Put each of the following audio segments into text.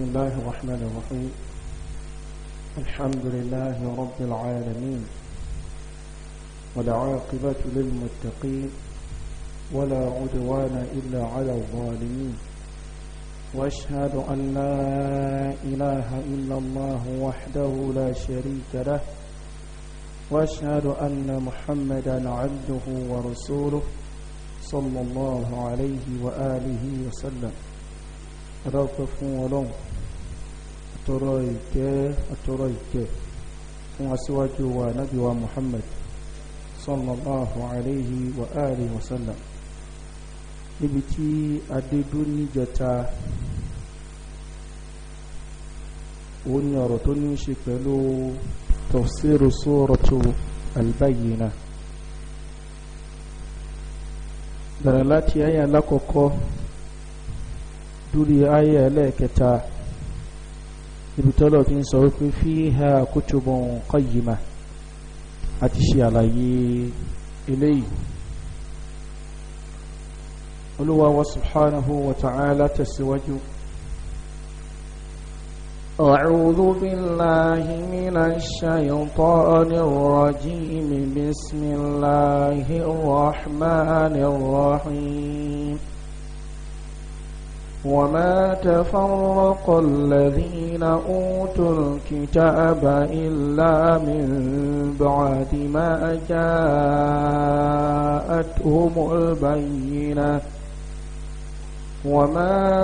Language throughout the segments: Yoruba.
بسم الله الرحمن الرحيم الحمد لله رب العالمين والعاقبة للمتقين ولا عدوان إلا على الظالمين وأشهد أن لا إله إلا الله وحده لا شريك له وأشهد أن محمدا عبده ورسوله صلى الله عليه وآله وسلم أدعوكم ولوم atọrọ ìkẹ́ atọrọ ìkẹ́ fún aṣíwájú wa nábì wa Muhammad sallallahu alayhi wa alihi wa sallam níbi tí adédú níjẹta ó ní ọ̀rọ̀ tó ní ṣe pẹ̀lú tafsiru suratu albayyina bẹ̀rẹ̀ láti ayé alákọ̀ọ́kọ́ dúrí ayé ẹlẹ́ẹ̀kẹta ibi tọ́lọ̀ ti ń sọ wípé fíhà kutubun qayyimah a ti ṣe àlàyé eléyìí olúwa wa subhanahu wa ta'ala tẹ̀síwájú أعوذ بالله من الشيطان الرجيم بسم الله الرحمن الرحيم وما تفرق الذين أوتوا الكتاب إلا من بعد ما جاءتهم البينة وما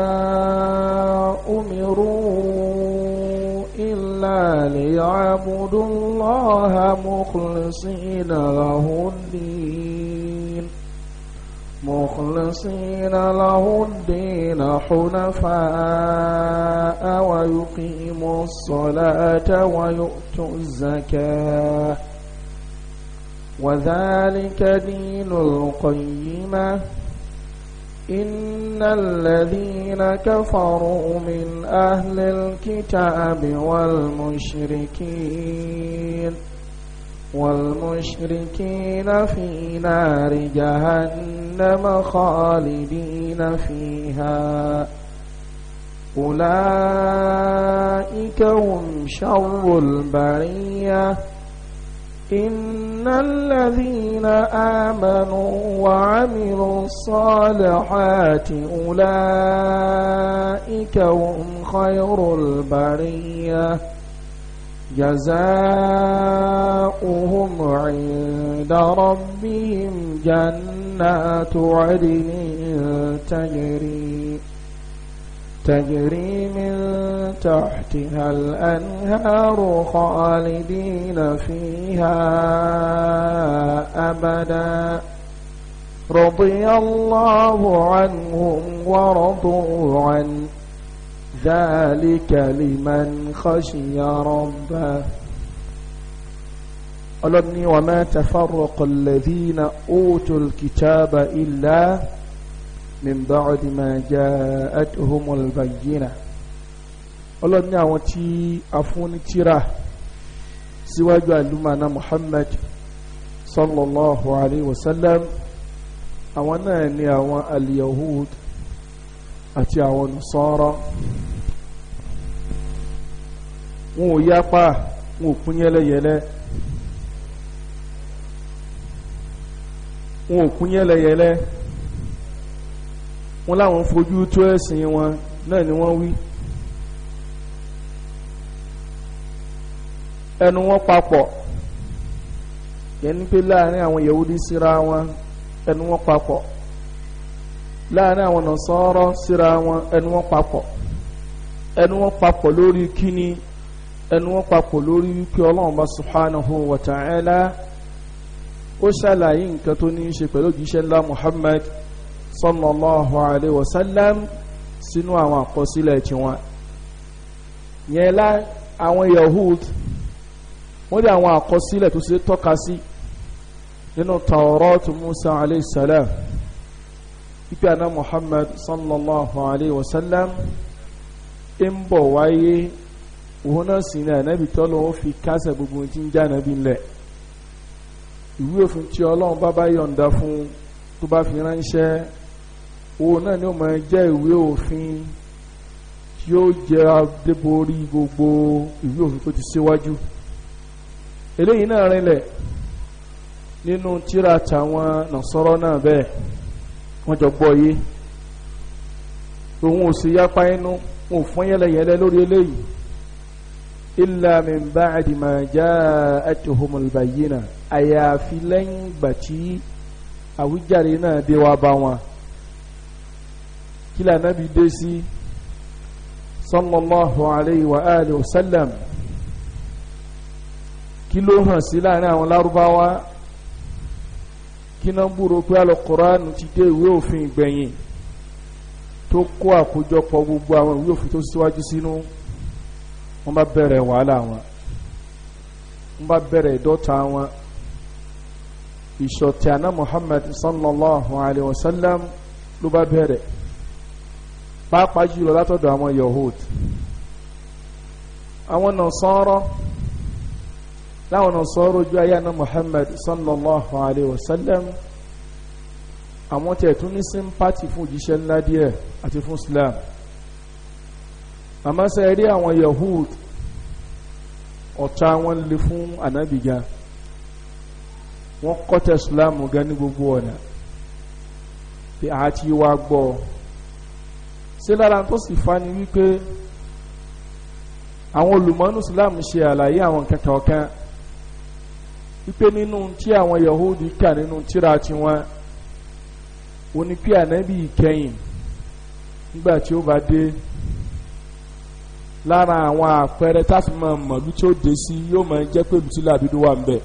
أمروا إلا ليعبدوا الله مخلصين له الدين مخلصين له الدين حنفاء ويقيموا الصلاة ويؤتوا الزكاة وذلك دين القيمة إن الذين كفروا من أهل الكتاب والمشركين والمشركين في نار جهنم خالدين فيها أولئك هم شر البرية إن الذين آمنوا وعملوا الصالحات أولئك هم خير البريه جزاؤهم عند ربهم جنات عدن تجري تجري من تحتها الأنهار خالدين فيها أبدا رضي الله عنهم ورضوا عنه ذلك لمن خشي ربه ọlọ́ni wa ma tafarraqa alladhina utul kitaba illa min ba'di ma ja'atuhumul bayyinah ọlọ́ni àwọn tí a fún ní tírà síwájú àlùmọ́nà Muhammad sallallahu alayhi wa sallam àwọn náà ni àwọn al-yahud àti àwọn nusara wọn ò yapa wọn ò kún yẹlẹyẹlẹ wọn ò kún yẹlẹyẹlẹ wọn láwọn fojú tó ẹ̀sìn wọn náà ni wọ́n wí ẹnu wọn papọ̀ yẹn ní pé láàrin àwọn Yahudi síra wọn ẹnu wọn papọ̀ láàrin àwọn Nasara síra wọn ẹnu wọn papọ̀ ẹnu wọn papọ̀ lórí kíni ẹnu wọn papọ̀ lórí wípé ọlọ́run bá subhanahu wa ta'ala ó ṣàlàyé nǹkan tó ní í ṣe pẹ̀lú òjíṣẹ́ ńlá muhammad sallallahu alayhi wa sallam sínú àwọn àkọsílẹ̀ tiwọn yẹn lá àwọn yahud wọ́n dé àwọn àkọsílẹ̀ tó ṣe tọ́ka sí nínú tawrat musa alayhi salam ipe àná muhammad sallallahu alayhi wa sallam ń bọ̀ wáyé òun náà sì ní ànábì tí ọlọ́run fi kásẹ̀ gbogbo tí ń jáná bí ńlẹ̀ ìwé òfin tí ọlọ́run bá bá yọ̀ǹda fún tó bá fi ránṣẹ́ òun náà ni ó máa jẹ́ ìwé òfin tí ó jẹ́ adéborí gbogbo ìwé òfin tó ti síwájú eléyìí náà rinlẹ̀ nínú tíra tàwọn nàṣọ́rọ́ náà bẹ́ẹ̀ wọ́n jọ gbọ́ yé òun ò sì yapa inú òun fún yẹlẹyẹlẹ lórí eléyìí illa min ba'di ma ja'atuhumul bayyina àyàfi lẹ́yìn ìgbà tí àwíjàre náà dé wá bá wọn kí lànàbí dé sí sallallahu alayhi wa alihi wa sallam kí ló hàn sí láàrin àwọn lárúbáwá kí náà gbúrò ti dé ìwé òfin ìgbẹ̀yìn tó kó àkójọpọ̀ gbogbo àwọn ìwé òfin tó síwájú sínú. Si wọ́n bá bẹ̀rẹ̀ wàhálà wọn wọ́n bá bẹ̀rẹ̀ ìdọ́ta wọn ìṣọ̀tẹ̀ àná Muhammad sallallahu alayhi wa sallam ló bá bẹ̀rẹ̀ pàápàá jùlọ látọ̀dọ̀ àwọn yahood àwọn Nasara láwọn Nasara ojú ayé àná Muhammad sallallahu alayhi wa sallam àwọn tẹ̀ tún ní sympathy fún òjíṣẹ́ ńlá díẹ̀ àti fún Islam àmọ́ ṣe rí àwọn Yahud ọ̀tá wọn lè fún ànábìgá wọ́n kọ́tẹ̀ Islam gan ní gbogbo ọ̀nà pé a ti wá gbọ́ ṣé lára tó sì fa ni wípé àwọn olùmọ́nú Islam ṣe àlàyé àwọn kẹkọ̀ọ́ kan wípé nínú tí àwọn Yahud kà nínú tíra tiwọn onípí ànábì kẹyìn nígbà tí ó bá dé lára àwọn àpẹẹrẹ táfi máa mọ̀ bí tí ó dé sí yóò máa jẹ́ pé ìlú tí làbínú wà ń bẹ̀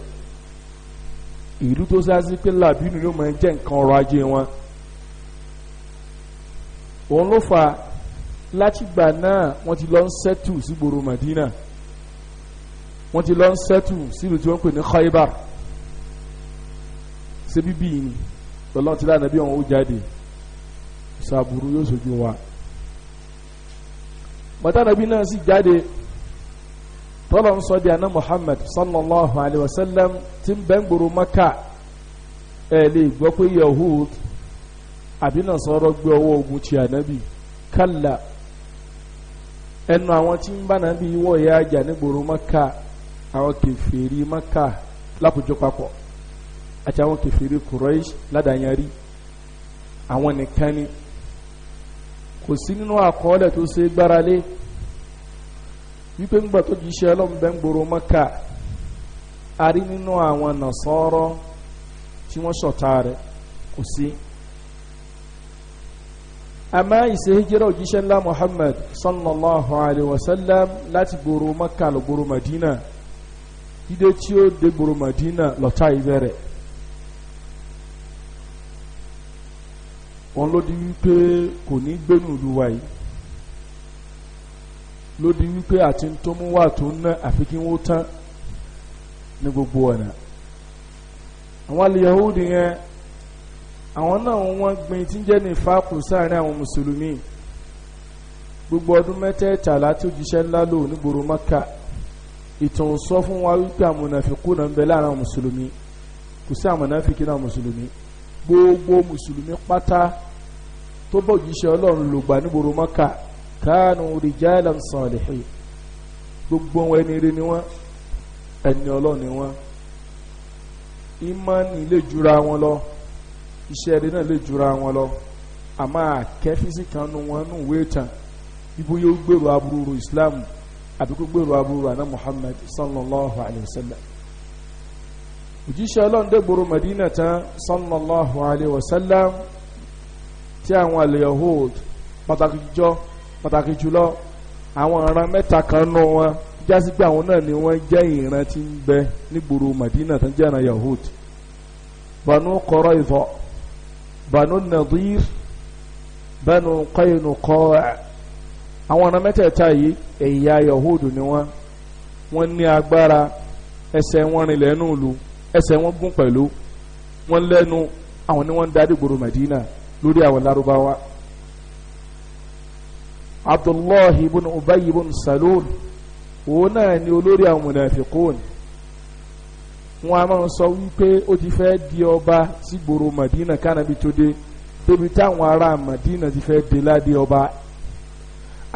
ìlú tó sáásí pé làbínú yóò máa jẹ́ nǹkan ọrọ̀ ajé wọn òun ló fà látìgbà náà wọ́n ti lọ ń sẹ́tù sígboro Madina wọ́n ti lọ ń sẹ́tù sílùú tí wọ́n pè ní Khaybar ṣé bíbí yìí ni lọ́lọ́run ti láàánú bí wọn ó jáde ṣàbùrú yóò ṣojú wa bàtànàbí náà sì jáde tọ́lọ̀ ń sọ di àná Muhammad sallallahu alayhi wa sallam ti ń bẹ́ ń gbòòrò Maka ẹ lè gbọ́ pé Yahud àbí Nasara gbé ọwọ́ ogun ti ànábì kálá ẹnu àwọn tí ń bá nàbí wọ̀ ya ajá ní gbòòrò Maka àwọn kèfèrí Maka lápòjọ papọ̀ àti àwọn kèfèrí Quraysh ládàáyárí àwọn nìkan ni kò sí nínú àkọọ́lẹ̀ tó ṣe gbáralé wípé ńgbà tó jíṣẹ́ ọlọ́run bẹ́ ń gbòòrò mọ́kà a rí nínú àwọn nàṣọ́rọ́ tí wọ́n ṣọ̀tá rẹ̀ kò sí àmọ́ ìṣe hijira òjíṣẹ́ ńlá Muhammad sallallahu alayhi wa sallam láti gbòòrò mọ́kà lọ gbòòrò Madina dídé tí ó dé gbòòrò Madina lọ́tà ìbẹ̀rẹ̀ òun ló di wípé kò ní gbénu ìlú wa yìí ló di wípé àti tó mú wà tó ń ná àfi kí wọ́n tán ní gbogbo ọ̀nà àwọn aliyahudi yẹn àwọn náà wọ́n gbin tí ń jẹ́ ní fáàkù sáàrin àwọn mùsùlùmí gbogbo ọdún mẹ́tẹ̀ẹ̀ta láti òjíṣẹ́ ńlá lò nígboro maka ìtàn sọ fún wa wípé àmùnàfikún náà ń bẹ láàrin àwọn mùsùlùmí kò sí àmùnàfikún náà mùsùlùmí gbogbo mùsùlùmí pátá tó bọ̀jíṣẹ́ ọlọ́run lògbà níboro mọ́kà kánú rìjálà sàlìhì gbogbo wọn ẹni rí ni wọn ẹni ọlọ́run ni wọn ìmánì lè jura wọn lọ iṣẹ́ ẹni náà lè jura wọn lọ àmọ́ àkẹ́físì kan nu wọn nù wéètàn ibo yóò gbèrò aburú islam àbíkú gbèrò aburú àná sallallahu alayhi wa sallam òjíṣẹ́ ọlọ́run dégboro Madina tán sallallahu alayhi wa sallam tí àwọn al-Yahud pàtàkì jùlọ pàtàkì jùlọ àwọn ọ̀ràn mẹ́ta kan nù wọn jásí pé àwọn náà ni wọ́n jẹ́ ìran tí ń bẹ nígboro Madina tán jẹ́ ìran Yahud Banu Qurayza Banu Nadir Banu Qaynuqa àwọn ọ̀ràn mẹ́tẹ̀ẹ̀ta yìí ẹ̀yà Yahud ni wọ́n wọ́n ní agbára ẹsẹ̀ wọn rìn lẹ́nu ìlú ẹsẹ̀ wọn gún pẹ̀lú wọn lẹ́nu àwọn ni wọ́n darí gbòòrò Madina lórí àwọn Lárúbáwá Abdullahi ibn Ubayy ibn Salul òun náà ni olórí àwọn munafikun wọn a máa sọ wípé ó ti fẹ́ di ọba sí gbòòrò Madina kánábi tó dé débi táwọn ará Madina ti fẹ́ dé ládé ọba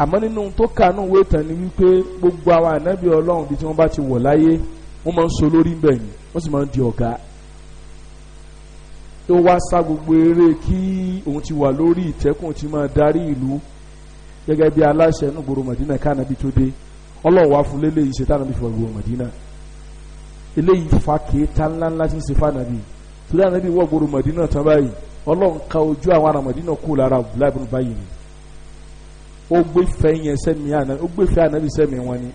àmọ́ nínú tó kà nù wé tán ni wípé gbogbo àwọn ànábì Ọlọ́run bí tí wọ́n bá ti wọ̀ láyé wọ́n máa ń so lórí ń bẹ̀ yìí wọ́n sì máa ń di ọ̀gá tó wá sá gbogbo eré kí òun ti wà lórí ìtẹ́kùn ti máa darí ìlú gẹ́gẹ́ bí aláṣẹ inú gbòòrò Mọ̀dínà káànábì tó dé ọlọ́run wá fún lélẹ́yìí ṣe táànábì fún gbòòrò Mọ̀dínà eléyìí fa kéétà ńláńlá tí ń ṣe fáànábì tó dáànábì wọ gbòòrò Mọ̀dínà tán báyìí ọlọ́run ka ojú àwọn ará Mọ̀dínà kú lára abdullahi báyìí ó gbé fẹ́ yẹn sẹ́mi ó gbé fẹ́ ànábì sẹ́mi wọn ni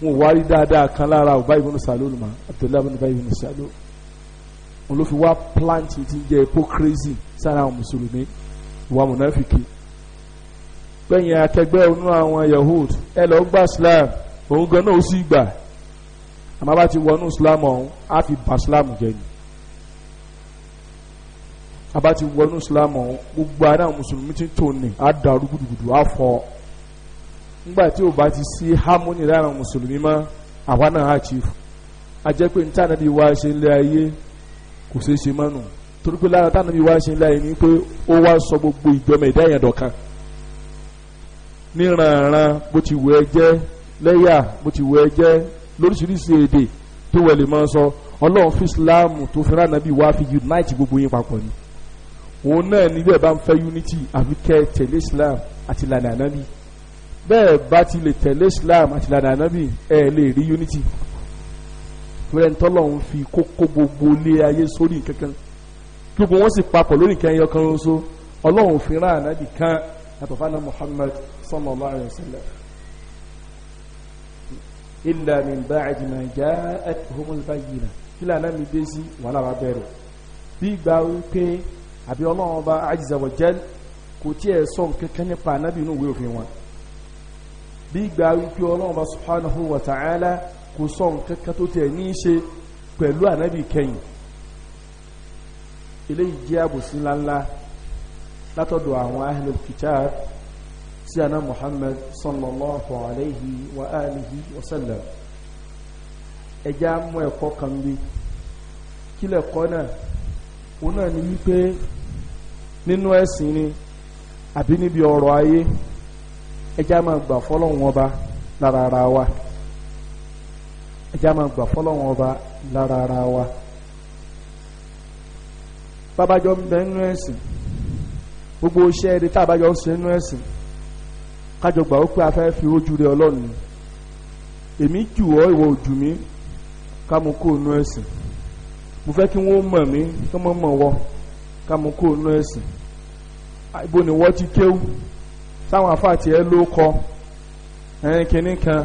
wọn ò wárí dáadáa kan lára Ubay ibn Salul ma Abdullahi ibn Ubay ibn Salul wọn ló fi wá plant ti jẹ hypocrisy sára àwọn mùsùlùmí ìwà mùnàfìkì gbẹ̀yìn akẹgbẹ́ onú àwọn yahood ẹ lọ gba Islam òun gan náà ó sì gbà àmọ́ bá ti wọnú Islam ọ̀hún á fi bà Islam jẹ́ ni àbá ti wọnú Islam ọ̀hún gbogbo àwọn mùsùlùmí ti tò ní á dàrú gudugudu á fọ́ ọ nígbà tí ò bá ti sí harmony lára mùsùlùmí mọ́ àwa náà á chief a jẹ́ pé níta nàbí wá ṣe ń lé ayé kò ṣeé ṣe mọ́nu torí pé lára tánàbí wá ṣe ń lé ayé ni pé ó wá sọ gbogbo ìjọba ìdá èèyàn dọ̀kan níranran bó ti wù ẹ́ jẹ́ lẹ́yà bó ti wù ẹ́ jẹ́ lóríṣiríṣi èdè tó wẹ̀ lè máa sọ ọlọ́run fi islam tó fi rán nàbí wá fi unite gbogbo yín papọ̀ ni òun náà níbẹ̀ bá ń fẹ́ unity àbí tẹ̀lé islam àti lànà nàbí bẹ́ẹ̀ bá ti lè tẹ̀lé islam àti ìlànà ànábì ẹ̀ lè rí unity rẹ̀ ń tọ́lọ̀ ń fi kókó gbogbo lé ayé sórí kankan gbogbo wọn sì papọ̀ lórí kan ẹyọ kan ṣoṣo ọlọ́run fi rán ànábì kan àtọ̀fánà muhammad sallallahu alayhi wa sallam illa min ba'di ma ja'athumul bayyinah kí lànà mi dé sí wàhálà wa bẹ̀rẹ̀ bí ìgbà wípé àbí ọlọ́run bá azza wa kò tiẹ̀ sọ nǹkan kan nípa ànábì inú ìwé òfin wọn bí ìgbà wípé ọlọ́run bá subhanahu wa ta'ala kò sọ nǹkan kan tó tẹ̀ ní í ṣe pẹ̀lú ànábì kẹ́yìn eléyìí jẹ́ àbòsí ńláńlá látọ̀dọ̀ àwọn ahlul kitab sí àná muhammad sallallahu alayhi wa alihi wa sallam ẹja mú ẹ̀kọ́ kan bí kílẹ̀ kọ́ náà òun náà ni wípé nínú ẹ̀sìn ni àbí níbi ọ̀rọ̀ ayé ẹjá máa gbà fọlọ́wọ́n ọba lára ara wa ẹjá máa gbà fọlọ́wọ́n ọba lára ara wa babajọ ń bẹ nínú ẹ̀sìn gbogbo iṣẹ́ ẹni tá a bá jọ ń ṣe nínú ẹ̀sìn kájọ gbà ó pé a fẹ́ fi ojú rẹ ọlọ́run èmi jù ọ́ ìwọ ojú mi ká mo kó inú ẹ̀sìn mo fẹ́ kí wọ́n mọ̀ mí kí wọ́n mọ̀ wọ́ ká mo kó inú ẹ̀sìn ibo ni wọ́n ti kéwù táwọn afáà tiẹ̀ ló kọ ẹ̀yìn kìíní kan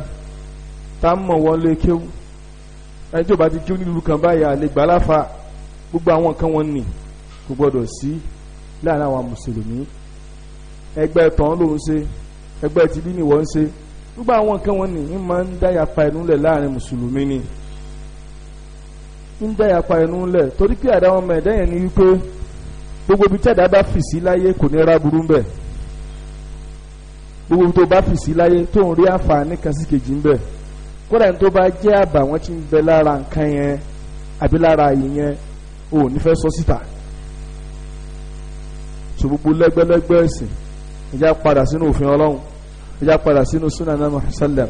tá ń mọ̀ wọ́n lé kéwú ẹni tí ò bá ti kéwú nílùú kan báyìí àlegbà láfa gbogbo àwọn nǹkan wọn nì kò gbọdọ̀ sí láàrin àwọn mùsùlùmí ẹgbẹ́ tán ló ń ṣe ẹgbẹ́ tìbí ni wọ́n ń ṣe gbogbo àwọn nǹkan wọn nì ń máa ń dáyàpa ẹnu lẹ̀ láàrin mùsùlùmí ni ń dáyàpa ẹnu lẹ̀ torí pé àdáwọn ọmọ ẹ̀dá yẹn ni wípé gbogbo ibi tí àdá bá fì sí láyé kò ní ra burú bẹ́ẹ̀ gbogbo tó bá fi sí láyé tó ń rí àǹfààní kan sí kejì ń bẹ kódà ní tó bá jẹ́ àbà wọn ti ń bẹ lára nǹkan yẹn àbí lára ààyè yẹn ò ní fẹ́ sọ síta so gbogbo lẹ́gbẹ́lẹ́gbẹ́ ẹ̀sìn ìjà padà sínú òfin ọlọ́run ìjà padà sínú sunan muhammad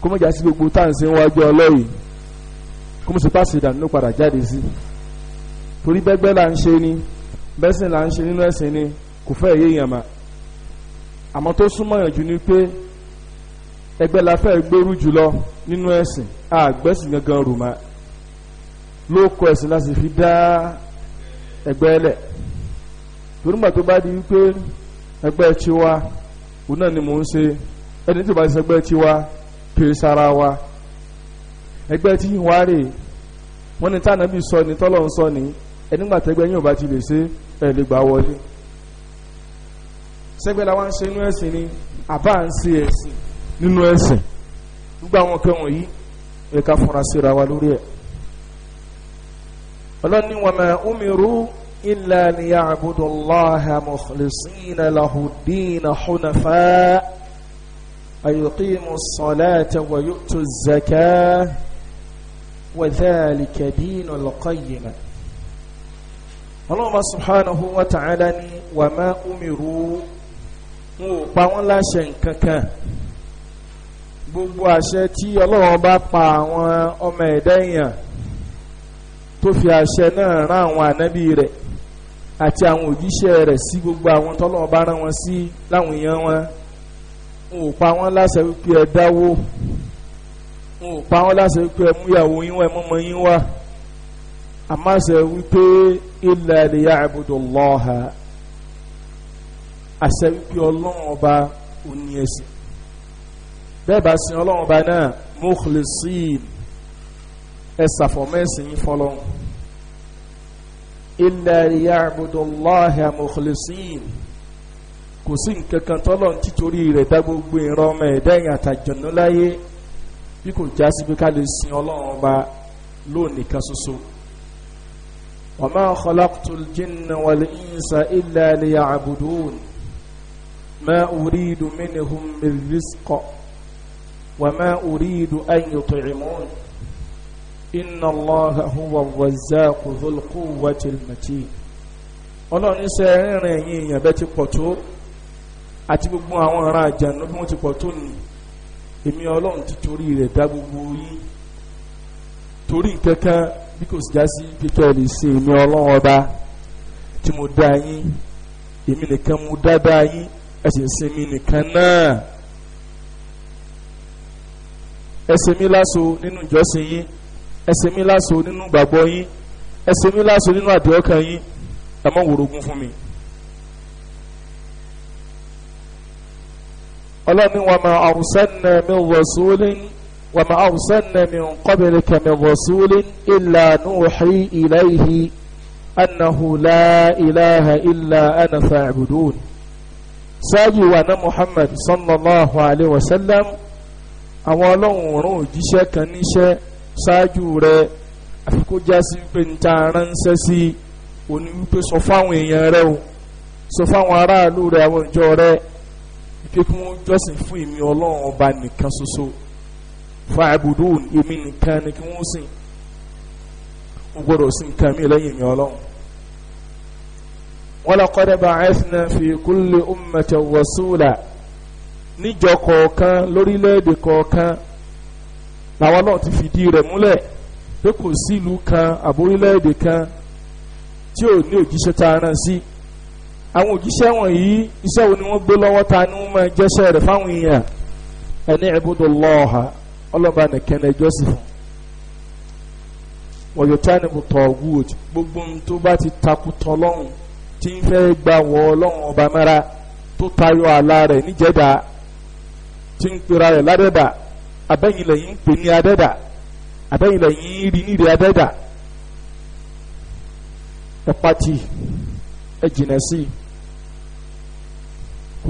kó mọ̀ já sí gbogbo tá wájú ọlọ́yìn kó pàṣẹ ìdànù padà jáde sí torí bẹ́gbẹ́ là ń ṣe ni bẹ́sìn là ń ṣe nínú ẹ̀sìn ni kò fẹ́ èyí yàn máa àmọ́ tó súnmọ́ yànjú ni pé ẹgbẹ́ la fẹ́ gbèrú jùlọ nínú ẹ̀sìn àgbẹ̀sìn gangan rù mọ́ ló kọ ẹ̀sìn láti fi dá ẹgbẹ́ lẹ̀ torúgbà tó bá di wípé ẹgbẹ́ tiwa òun náà ni mò ń ṣe ẹni tó bá ti sẹgbẹ́ tiwa kiri sara wa ẹgbẹ́ tí wàá rè wọ́n ní tànàbí sọ ni tọ́lọ́ ń sọ ni ẹnigbà tẹ́gbẹ́ yín ò bá ti lè ṣe ẹ̀ lè gbà wọlé sẹ́gbẹ́ la wá ń ṣe inú ẹ̀sìn ni àbá ń ṣe ẹ̀sìn nínú ẹ̀sìn gbogbo àwọn kan wọ̀nyí ẹ ká fúnra síra wa lórí ẹ̀ ọlọ́ni wa ma umiru illa liya'budu Allaha mukhlisina lahu ddina hunafa ayuqimu ssalata wa yu'tu zakah wa dhalika dinul qayyimah ọlọ́run subhanahu wa ta'ala ni wa umiru wọn ò pa wọ́n láṣẹ nǹkan kan gbogbo àṣẹ tí ọlọ́run bá pa àwọn ọmọ ẹ̀dá èèyàn tó fi àṣẹ náà rán àwọn ànábì rẹ̀ àti àwọn òjíṣẹ́ rẹ̀ sí gbogbo àwọn tọ́lọ́run bá rán wọn sí láwọn èèyàn wọn wọn ò pa wọ́n láṣẹ wípé ẹ dáwó wọn ò pa wọ́n láṣẹ wípé ẹ múyàwó yín wá ẹ mọ́mọ́ yín wá àmọ́ àṣẹ wípé illa liya'budullaha àṣẹ wípé ọlọ́run ọba ò ní ẹ̀sìn bẹ́ẹ̀ bá sin ọlọ́run ọba náà mukhlisin ẹ ṣàfọ̀mọ́ ẹ̀sìn yín fọlọ́run illa liya'budullaha mukhlisin kò sí nǹkan kan tọ́lọ́run títorí rẹ̀ dá gbogbo ọmọ ẹ̀dá ẹ̀yìn àtàjọ̀nú bí kò já sí ká lè sin ọlọ́run ọba lónìí kan ṣoṣo. wa ma khalaqtul jinna wal insa ما أريد منهم من رزق وما أريد أن يطعمون إن الله هو الرزاق ذو القوة المتين ọlọ́run ṣe rìnrìn ẹ̀yìn èèyàn bẹ́ẹ̀ ti pọ̀ tó àti gbogbo àwọn ará àjànú bí wọ́n ti pọ̀ tó nì èmi ọlọ́run ti torí rẹ̀ dá gbogbo yín torí kankan bí kò sì já sí kíkẹ́ lè ṣe èmi ọlọ́run ọba tí mo dá yín èmi nìkan mo dá dá yín ẹsìn sinmi nìkan náà ẹsìn mi láso nínú ìjọsìn yín ẹsìn mi láso nínú gbàgbọ́ yín ẹsìn mi láso nínú àdìọ́kàn yín ẹ má wòrogún fún mi. ọlọ́ni wa ma arsalna min rasulin wa ma arsalna min qablika la ilaha illa ana fa'budun ṣáájú wa ná Muhammad sallallahu alayhi wa sallam àwọn ọlọ́run rán òjíṣẹ́ kan níṣẹ́ ṣáájú rẹ̀ àfi kó já sí wípé níta ránṣẹ́ sí òní wípé sọ fáwọn èèyàn rẹ o sọ fáwọn aráàlú rẹ àwọn ìjọ rẹ wípé kí wọ́n jọ́sìn fún èmi ọlọ́run ọba nìkan ṣoṣo fún àbùdó èmi nìkan ni kí wọ́n sìn wọ́n gbọ́dọ̀ sìn nǹkan mi lẹ́yìn èmi ọlọ́run ولقد بعثنا في كل أمة رسولا níjọ kọ̀ọ̀kan lórílẹ̀‐èdè kọ̀ọ̀kan làwọn náà ti fìdí rẹ̀ múlẹ̀ pé kò sí ìlú kan àbórílẹ̀‐èdè kan tí ò ní òjíṣẹ́ tá a rán sí àwọn òjíṣẹ́ wọ̀nyí iṣẹ́ wo ni wọ́n gbé lọ́wọ́ ta ni wọ́n máa jẹ́ṣẹ́ rẹ̀ fáwọn èèyàn ẹni ẹ̀bùdó lọ́ọ̀ha ọlọ́ba nìkan ẹjọ́ sì fún wọ́n yóò tá a nìbò tọ̀ ọ̀gùn gbogbo ohun tó bá ti takùtọ̀ lọ́hùn tí ń fẹ́ gba wọn ọlọ́run ọba mẹ́ra tó tayọ àlá rẹ̀ níjẹ̀dá tí ń pera rẹ̀ ládẹ́dà abẹ́yìn lẹ́yìn ń pè ní adẹ́dà abẹ́yìn lẹ́yìn ń rí nídìí adẹ́dà ẹ pati ẹ jìnà sí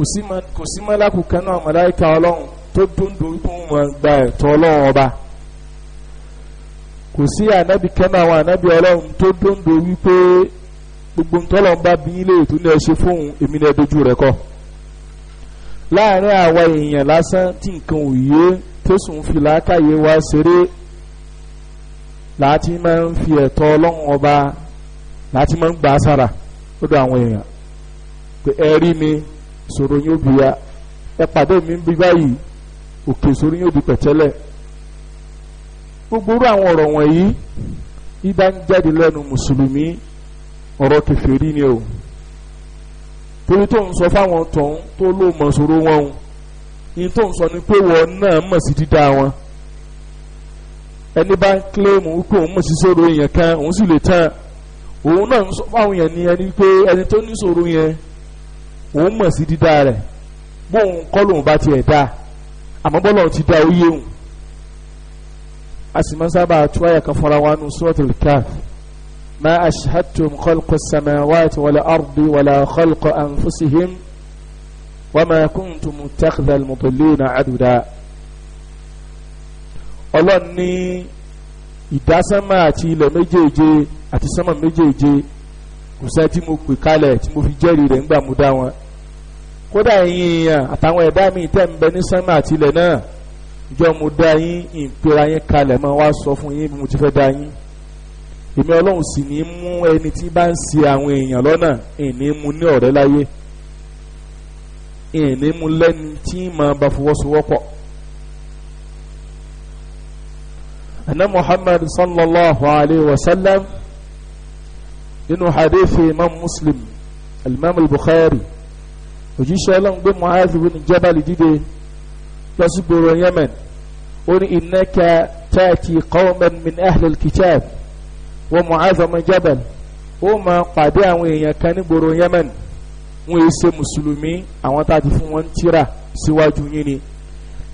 i kò sí mọ́lákù kan náà màláíkà ọlọ́run tó dúndú kún wọn gba ẹ̀tọ́ ọlọ́run ọba kò sí ànábì kan àwọn ànábì ọlọ́run tó dúndú wípé gbogbo ntọ́lọ̀ ń bá bí ilé ètò ní ẹṣẹ fóun èmi náà dojú rẹ̀ kọ. láàárín àwa èèyàn lásán tí nǹkan ò yé tó sùn fi làákàyè wa ṣeré láti máa ń fi ẹ̀tọ́ ọlọ́run ọba láti máa ń gbà á sára lọ́dọ̀ àwọn èèyàn pé ẹ rí mi sọ̀rọ̀ yóò bí ya ẹ pàdé mi bí báyìí òkè sọ̀rọ̀ yóò di pẹ̀tẹ́lẹ̀ gbogbo orú àwọn ọ̀rọ̀ wọ̀nyí ibà ń jáde lẹ́nu mùsùlùmí ọ̀rọ̀ kẹfẹ́rí ni o torí tó ń sọ fáwọn tọ̀hún tó ló mọ̀ sòro wọn o yìí tó ń sọ ni pé wọ́n náà mọ̀ sí dídá wọn ẹni bá ń kílẹ̀mù pé òun mọ̀ sí sòro yẹn kan òun sì lè tán òun náà ń sọ fáwọn yẹn ni ẹni pé ẹni tó ní sòro yẹn òun mọ̀ sí dídá rẹ̀ bóun kọ́ lòun bá tiẹ̀ dáa àmọ́ bọ́lá ti da oyé òun a sì máa ń sábà tú àyà kan wa nù sọ́ọ̀tì rìkáàfù. ما أشهدتم خلق السماوات والأرض ولا خلق أنفسهم وما كنت متخذ المضلين عددا ọlọ́run ní ìdásánmà àti ilẹ̀ méjèèje àti sánmà méjèèje kò sẹ́ tí mo pè kalẹ̀ tí mo fi jẹ́rìí rẹ̀ ńgbà mo dá wọn kódà ẹ̀yin èèyàn àtàwọn ẹ̀dá mi tẹ̀ ń bẹ ní sánmà àti ilẹ̀ náà ìjọ mo dá yín ìpera yín kalẹ̀ mọ́ wá sọ fún yín bí mo ti fẹ́ dá yín èmi ọlọ́run sì ní mú ẹni tí bá ń ṣe àwọn èèyàn lọ́nà ìní mú ní ọ̀rẹ́ láyé ìní mú lẹ́ni tí màá bá fọwọ́sowọ́pọ̀. ana muhammad sallallahu alayhi wa sallam nínú hadithi imam muslim alimami bukhari òjíṣẹ́ ọlọ́run gbé bin jabal dìde lọ yemen ó ní innaka taati qawman min ahlil kitab wa Mu'adh ọmọ Jabal ó máa pàdé àwọn èèyàn kan nígboro Yemen wọn èyí ṣe mùsùlùmí àwọn tá a ti fún wọn tíra síwájú yín ni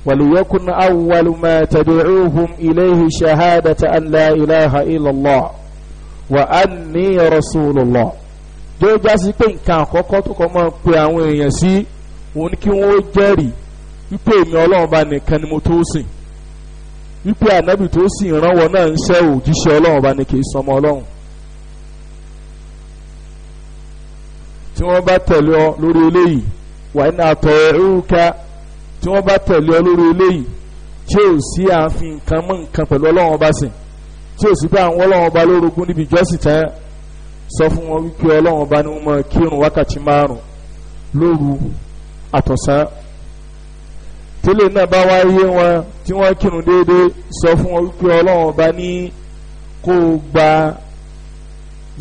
wàlúwẹ́kùn awwalu ma tad'uuhum ilayhi shahadata an la ilaha illallah wa anni rasulullah tó jásí pé nǹkan àkọ́kọ́ tó kọ́ máa pe àwọn èèyàn sí òun kí wọ́n jẹ́rìí wípé èmi ọlọ́run bá nìkan ni mo tó sìn wípé ànábì tó sì ìrànwọ́ náà ń ṣe òjíṣẹ́ ọlọ́run bá ní kì í sọmọ ọlọ́run tí wọ́n bá tẹ̀lé ọ lórí eléyìí wàá ní àtọ̀ ẹ̀rúkà tí wọ́n bá tẹ̀lé ọ lórí eléyìí tí ò sí àfin nǹkan mọ́ nǹkan pẹ̀lú ọlọ́run ọba sìn tí ò sí pé àwọn ọlọ́run ọba lórogún níbi ìjọsìn tẹ́ sọ fún wọn wípé ọlọ́run ọba ni wọ́n kírun wákàtí márùn lóru àtọ̀sán tẹ́lẹ̀ náà bá wáyé wọn tí wọ́n kírun déédéé sọ fún wọn wípé ọlọ́run ọba ní kó o gba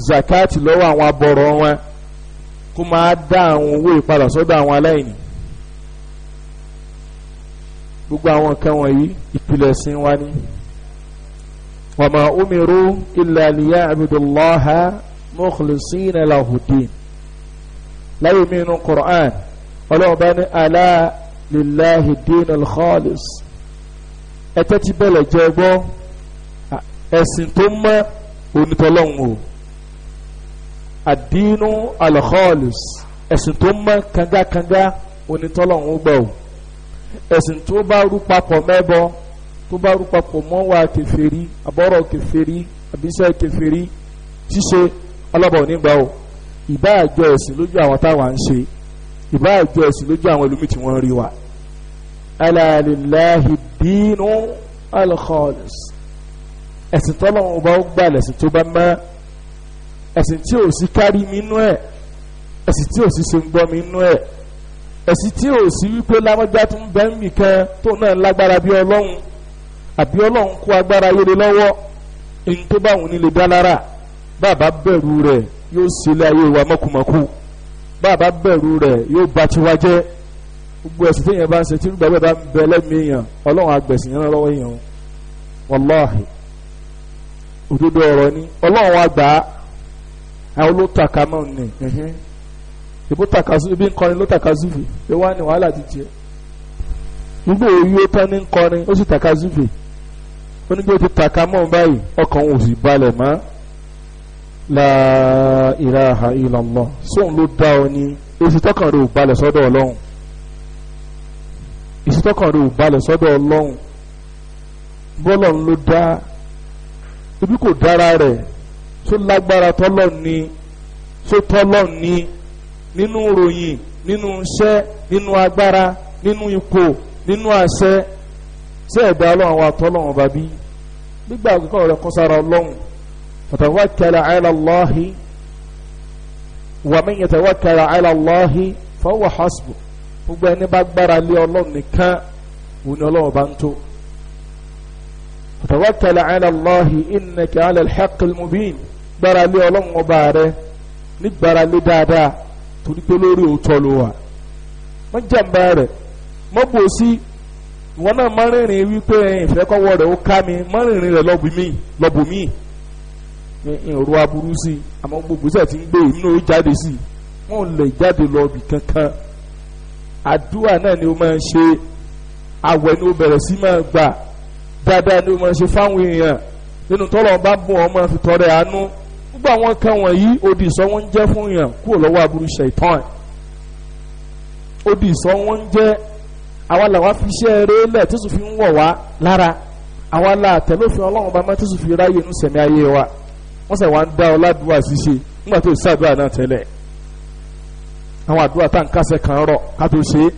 zakati lọ́wọ́ àwọn abọ̀rọ̀ wọn kó máa dá àwọn owó ìpadà sọ́dọ̀ àwọn aláìní gbogbo àwọn nǹkan wọ̀nyí ìpìlẹ̀ sí wa ní. wa ma umiru illa liya'budullaha mukhlisina lahu ddin láyé mi nínú Qur'an ọlọ́run bá ní alá lillahi din al-khalis ẹtẹ́ ti bẹ̀lẹ̀ jẹ́ gbọ́ ẹ̀sìn tó mọ́ onítọ́lọ́hún o àdínú al-khalis ẹ̀sìn tó mọ́ kangakanga onítọ́lọ́hún gbọ́ o ẹ̀sìn tó bá rú papọ̀ mẹ́bọ tó bá rú papọ̀ mọ́ wa kèfèrí àbọ̀rọ̀ kèfèrí àbísẹ́ kèfèrí ṣíṣe ọlọ́bọ̀ nígbà o ìbá ẹ̀sìn lójú àwọn táwọn ń ṣe ìbáà jẹ́ ẹ̀sìn lójú àwọn ẹlòmíì tí wọ́n rí wa. ala lillahi dinu al-khalis ẹ̀sìn tọ́lọ́run ọba ó gbà lẹ̀sìn tó bá mọ́ ẹ̀sìn tí ò sí kárí mi nú ẹ̀ ẹ̀sìn tí ò sí ṣe ń gbọ́ mi nú ẹ̀ ẹ̀sìn tí ò sí wípé lámọ́já tó ń bẹ́ ń mì kan tó náà lágbára bí ọlọ́run àbí ọlọ́run kó agbára yẹlẹ lọ́wọ́ èyí tó bá òun nílé dá lára bàbá bẹ̀rù rẹ̀ yóò sílé ayé wa mọ́kùmọ́kù bàbá bẹ̀rù rẹ̀ yóò ba tiwa jẹ́ gbogbo ẹ̀sìn tí yẹn bá ń ṣe tí gbàgbé bá ń bẹ lẹ́mìí yàn ọlọ́run agbẹ̀sìn yẹn lọ́wọ́ yẹn o wàláhì òdodo ọ̀rọ̀ ni ọlọ́run wa gbà á àwọn ló tàka mọ́ ni ìbú mhm. tàka sí ibi nkọrin ló tàka zùfè pé wá ní wàhálà ti jẹ gbogbo òyì ó tán ní nkọrin ó sì tàka zùfè ó ní bí ó ti tàka mọ́ báyìí ọkàn òun balẹ̀ mọ́ la ilaha illallah sóun ló dá ọ ní èsì tọkàn rẹ ò balẹ̀ sọ́dọ̀ ọlọ́run èsì tọkàn rẹ ò balẹ̀ sọ́dọ̀ ọlọ́run bọ́lọ̀ ló dá ibi kò dára rẹ̀ tó lágbára tọ́lọ̀ ní tó tọ́lọ̀ ní nínú ròyìn nínú iṣẹ́ nínú agbára nínú ipò nínú àṣẹ sí ẹ̀dá ọlọ́run wa tọ́lọ̀ wọn bàbí nígbà àkókò rẹ̀ kọ́ sára ọlọ́run. فتوكل على الله ومن يتوكل على الله فهو حسبه gbogbo ẹni bá gbára lé ọlọ́run nìkan òun ni ọlọ́run bá ń tó tawakkal ala Allahi innaka ala al-haqqil mubin gbára lé ọlọ́run ọba rẹ ní gbára lé dáadáa torí pé lórí òótọ́ ló wà wọ́n jàǹbá rẹ̀ mọ́bò sí ìwọ náà mọ́rìnrìn wípé ìfẹ́kọ̀wọ́ rẹ̀ ó ká mi mọ́rìnrìn rẹ̀ lọ́bùmí lọ́bùmí ìrù aburú sí i àmọ́ gbogbo sẹ̀ ti ń gbé ìmúnà ó jáde sí i wọ́n lè jáde lọ ibì kankan àdúrà náà ni ó máa ń ṣe àwẹ̀ ni ó bẹ̀rẹ̀ sí máa gbà dáadáa ni ó máa ń ṣe fáwọn èèyàn nínú tọ́lọ̀ bá bùn ọ́ máa fi tọrẹ àánú gbogbo àwọn kan wọ̀nyí odi ìsọ wọn ń jẹ́ fún èèyàn kúrò lọ́wọ́ aburú ṣẹ̀tàn odi ìsọ wọn ń jẹ́ àwa làwa fi iṣẹ́ eré lẹ̀ tó sì fi ń wọ̀ wá lára àwa là tẹ̀lófin ọlọ́run bá má tó sì fi ráyè ń sẹ̀mí ayé wa wọ́n sẹ̀ wá ń dá ọ ládùúgbà ṣíṣe nígbà tó ṣàdúrà náà tẹ́lẹ̀ àwọn àdúrà tá n kásẹ̀ kan rọ̀ ká tó ṣe é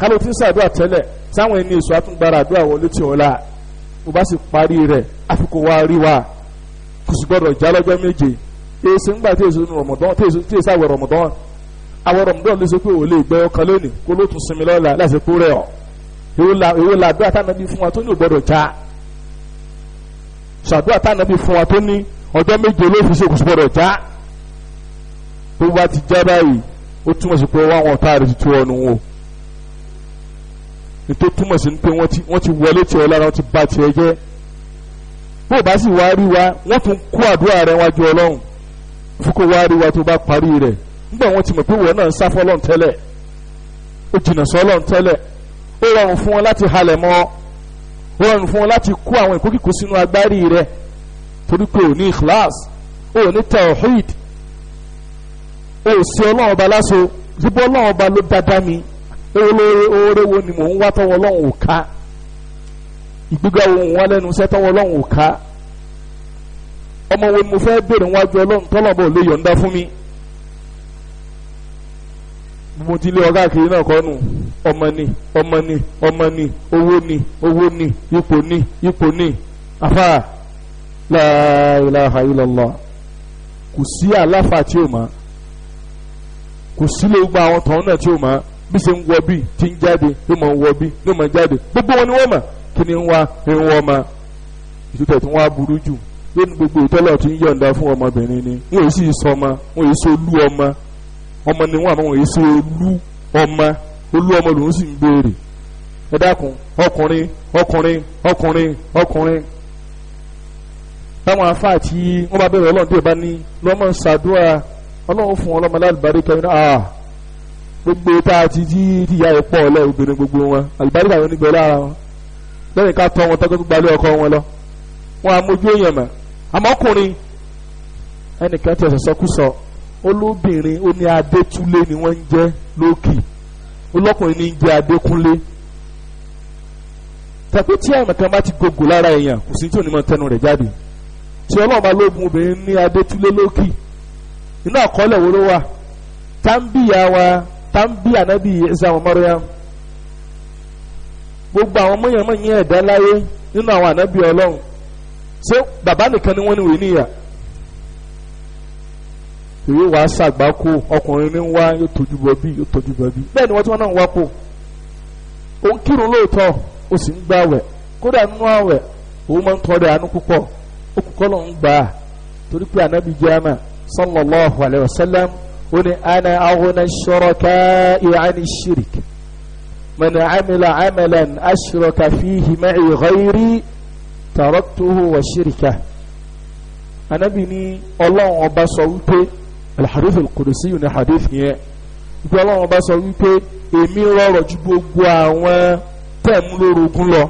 ká ló ti ń ṣàdúrà tẹ́lẹ̀ sáwọn ẹni èso àtúngbára àdúrà wọlé tí wọn la mo bá sì parí rẹ̀ àfikún wa rí wa kò sì gbọdọ̀ já lọ́jọ́ méje èsì ńgbà tí èso rọmọdán tí èso tí èso àwẹ̀ rọmọdán àwẹ̀ rọmọdán ló sọ pé òun lè gbẹ ọkàn lónìí kó ló tún ọjọ́ méje ló fi ṣèkùsù gbọ́dọ̀ já tó bá ti já báyìí ó túmọ̀ sí pé wọ́n àwọn ọ̀tá rẹ̀ ti tú ọ̀nù wọn ètò túmọ̀ sí pé wọ́n ti wọlé tiẹ̀ lára wọ́n ti bà tiẹ̀ jẹ́ bó bá sì wá rí wa wọ́n tún kó àdúrà rẹ̀ wájú ọlọ́run fún kó wá rí wa tó bá parí rẹ̀ nígbà wọ́n ti mọ̀ pé wọ́n náà ń sá fọ́lọ́n tẹ́lẹ̀ ó jìnnà sọ́lọ́n tẹ́lẹ̀ ó rọrùn fún wọn láti halẹ̀ mọ́ ó rọrùn fún wọn láti kó àwọn ìkókìkó sínú agbárí rẹ̀ torí pé ò ní ikhlas ò ní ọlọ́run ọba láṣọ síbí ọlọ́run ọba ló dáadáa mi oore wo ni mò ń wá tọwọ́ ọlọ́run ò ká ìgbéga ohun wa lẹ́nu iṣẹ́ tọwọ́ ọlọ́run ò ká ọmọ wo ni mo fẹ́ béèrè wájú ọlọ́run tọ́lọ́bọ̀ lè yọ̀ǹda fún mi mo ti lé ọgá kiri náà kọ́nù ọmọ ni ọmọ ni ọmọ ni owó ni owó ni ipò ni ipò ni afárá la ilaha illallah kò sí aláfa tí o mọ̀ kò sí lè gba àwọn tọ̀hún náà tí o mọ̀ bí ṣe ń wọ bí ti ń jáde ló mọ̀ ń wọ bí ló mọ̀ ń jáde gbogbo wọn ni wọ́n mọ̀ kí ni ń wá ń wọ́n mọ̀ ìtútẹ̀ tí wọ́n á burú jù lónìí gbogbo ìtọ́lọ̀ tí ń yọ̀ǹda fún ọmọbìnrin ni wọn ò sì sọ ọmọ wọn ò sì olú ọmọ ọmọ ni wọn àmọ́ wọn ò sì olú ọmọ olú ọmọ lòún sì ń béèrè ẹ dákun ọkùnrin ọkùnrin ọkùnrin ọkùnrin táwọn afá àti wọn bá bẹ̀rẹ̀ ọlọ́run díẹ̀ bá ní lọ́mọ ṣàdúrà ọlọ́run fún ọlọ́mọ lálùbáríkà yìí náà ah, gbogbo tá a ti jí tíyà ẹ̀ pọ̀ ọ̀lẹ́ obìnrin gbogbo wọn àlùbáríkà yìí nígbẹ̀ lára wọn lẹ́yìn ká tọ́ wọn tọ́gbẹ́ gbalẹ̀ ọkọ wọn lọ wọn amójú èèyàn mọ̀ àmọ́ ẹnìkan ti ẹ̀sẹ̀ sọkúsọ olóbìnrin ó ní adétúlé ni wọ́n ń jẹ́ lókì olọ́kùnrin ní ń jẹ́ adékúnlé tàbí tí àìmọ̀kan bá ti gògò lára èèyàn kò sí tí ò tí ọlọ́run bá lóògùn obìnrin ní adétúlé lókì inú àkọọ́lẹ̀ wo ló wà tábìyà wa ànábì ẹ̀sà àwọn gbogbo àwọn mọ̀nyẹ́mọ̀nyẹ́ ẹ̀dá láyé nínú àwọn ànábì ọlọ́run ṣé bàbá nìkan ni wọ́n ní wèé níyà ìwé wàá ṣàgbákò ọkùnrin ní wá yóò tójú bọ bí yóò tójú bọ bí bẹ́ẹ̀ ni wọ́n ti wọ́n náà ń wá kó òun kírun lóòótọ́ ó sì ń gbàwẹ̀ kódà ó kú kọ́ ló ń gbà á torí pé anabi jama sallallahu alayhi wa sallam ó ní ana aghna shuraka'i ani shirik man amila amalan ashraka fihi ma'i ghayri taraktuhu wa shirika anabi ní ọlọ́run ọba sọ wípé alhadith alqudusi ní hadith yẹn wípé ọlọ́run ọba sọ wípé èmi rọrọ̀ ju gbogbo àwọn tẹ̀ ń lórogún lọ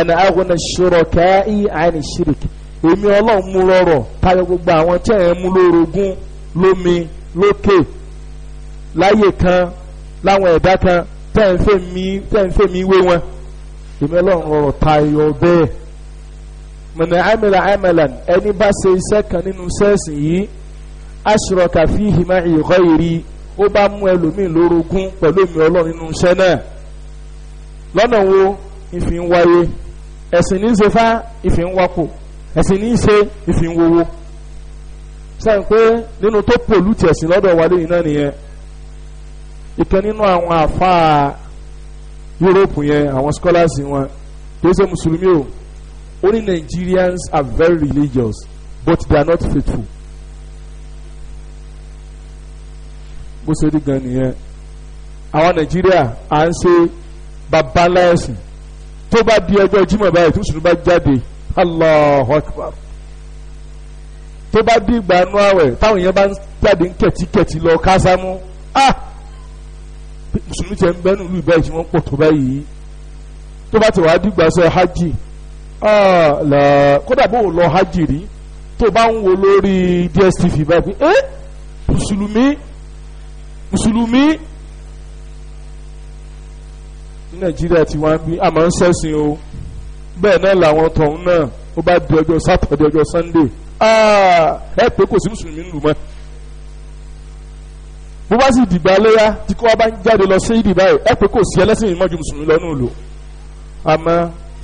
ẹnna aghna shuraka'i àní shirik èmi ọlọ́run mú rọrọ̀ tayọ gbogbo àwọn tí ẹ̀ ń mú lórogún lómi lókè láyè kan láwọn ẹ̀dá kan tẹ́ ń fẹ́ mi tẹ́ ń fẹ́ mi wé wọn èmi ọlọ́run rọrọ̀ tayọ bẹ́ẹ̀ mọ̀nà amẹ́là amẹ́là ẹni bá ṣe iṣẹ́ kan nínú sẹ́ẹ̀sì yìí ashraka fihi ma'i ghairi ó bá mú ẹlòmíì lórogún pẹ̀lú èmi ọlọ́run nínú iṣẹ́ náà lọ́nà wo ìfi ẹ̀sìn ní í ṣe fá ìfì ń wákò ẹ̀sìn ní í ṣe ìfì ń wowó sẹ́yìn pé nínú tó pòlù tí ẹ̀sìn lọ́dọ̀ wà lẹ́yìn náà nìyẹn ìkan nínú àwọn àfáà yúróòpù yẹn àwọn scholars wọn tó ṣe mùsùlùmí o ó ní Nigerians are very religious but they are not faithful bó ṣe rí gan nìyẹn àwọn Nàìjíríà à ń ṣe babalá tó bá di ọjọ́ Jímọ̀ báyìí tó sùn bá jáde Allahu Akbar tó bá di ìgbà nú àwẹ̀ táwọn èèyàn bá ń jáde ń kẹ̀tíkẹ̀tí lọ kásámú ah mùsùlùmí tiẹ̀ ń bẹ́ nù lù báyìí tí wọ́n pọ̀ tó báyìí tó bá ti wàá dìgbà sọ hajj ah là kódà bó lọ hajj rí tó bá ń wo lórí DSTV báyìí ẹ́ eh! mùsùlùmí mùsùlùmí nàìjíríà ti wá ń bí àmọ́ ń sẹ́sìn o bẹ́ẹ̀ náà làwọn tọ̀hún náà ó bá di ọjọ́ sátọ̀dẹ̀ ọjọ́ sunday ah, ẹ pé kò sí mùsùlùmí ń lù mọ́ bó bá sì dìgbà léyà tí kò wá bá ń jáde lọ sí ìdìbà yìí ẹ pé kò sí ẹlẹ́sìn ìmọ̀jú mùsùlùmí lọ́nà òlò àmọ́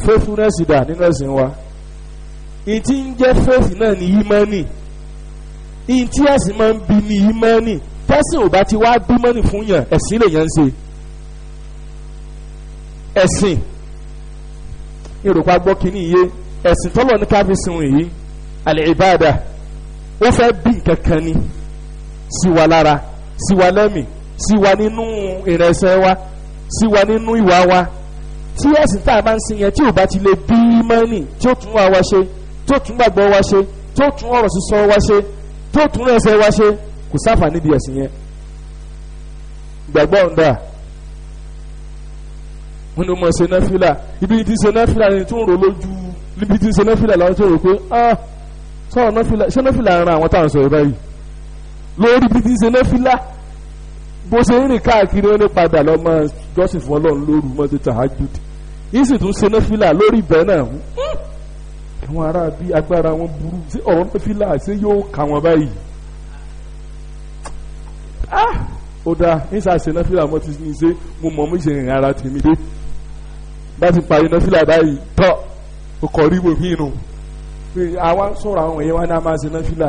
faithfulness dà nínú ẹ̀sìn wa ìtí ń jẹ́ faith náà ní ìmánì ìtí ẹ̀sìn máa ń bi ní ìmánì tẹ́sìn ò bá ti wá bímọ́nì fún yàn ẹ̀sìn lèyàn ń ṣe ẹ̀sìn ìròpá gbọ́ kínní iye ẹ̀sìn tọ́lọ̀ ní káfíìsìn yìí àlẹ́ ìbáàdà ó fẹ́ bí nǹkan kan ni sí wa lára sí wa lẹ́mìí sí wa nínú ìrẹsẹ̀ wa sí wa nínú ìwà wa tí ẹ̀sìn tá a máa ń sin yẹn tí ò bá ti lè bí mọ́nì tí ó tún wa wa ṣe tí ó tún gbàgbọ́ wa ṣe tí ó tún ọ̀rọ̀ sísọ wa ṣe tí ó tún ẹsẹ̀ wa ṣe kò sáfà níbi ẹ̀sìn yẹn gbàgbọ́ ń wọn ló mọ ṣe náfìlà ibi tí ṣe náfìlà ni tó ń rò lójú níbi tí ṣe náfìlà làwọn tó rò pé ah sọ̀rọ̀ náfìlà ṣé náfìlà ń ra àwọn táwọn sọ̀rọ̀ báyìí lórí ibi tí ṣe náfìlà bó ṣe ń rìn káàkiri ó ní padà lọ mọ jọ́sìn fún ọlọ́run lóru mọ́ ti tàhájúdì yìí sì tún ṣe náfìlà lórí ibẹ̀ náà hmm. àwọn ará bí agbára wọn burú sí ọ̀rọ̀ náfìlà ṣé yóò kà wọ́n báyìí ah ó dáa ní sàṣẹ náfìlà mo ti ní ṣe mo mọ̀ mo ṣe ìrìn ara tèmi dé bá ti parí iná fílà báyìí tọ́ ọkọ̀ rí bòmí nù àwa sọ̀rọ̀ àwọn èèyàn wa náà máa ṣe iná fílà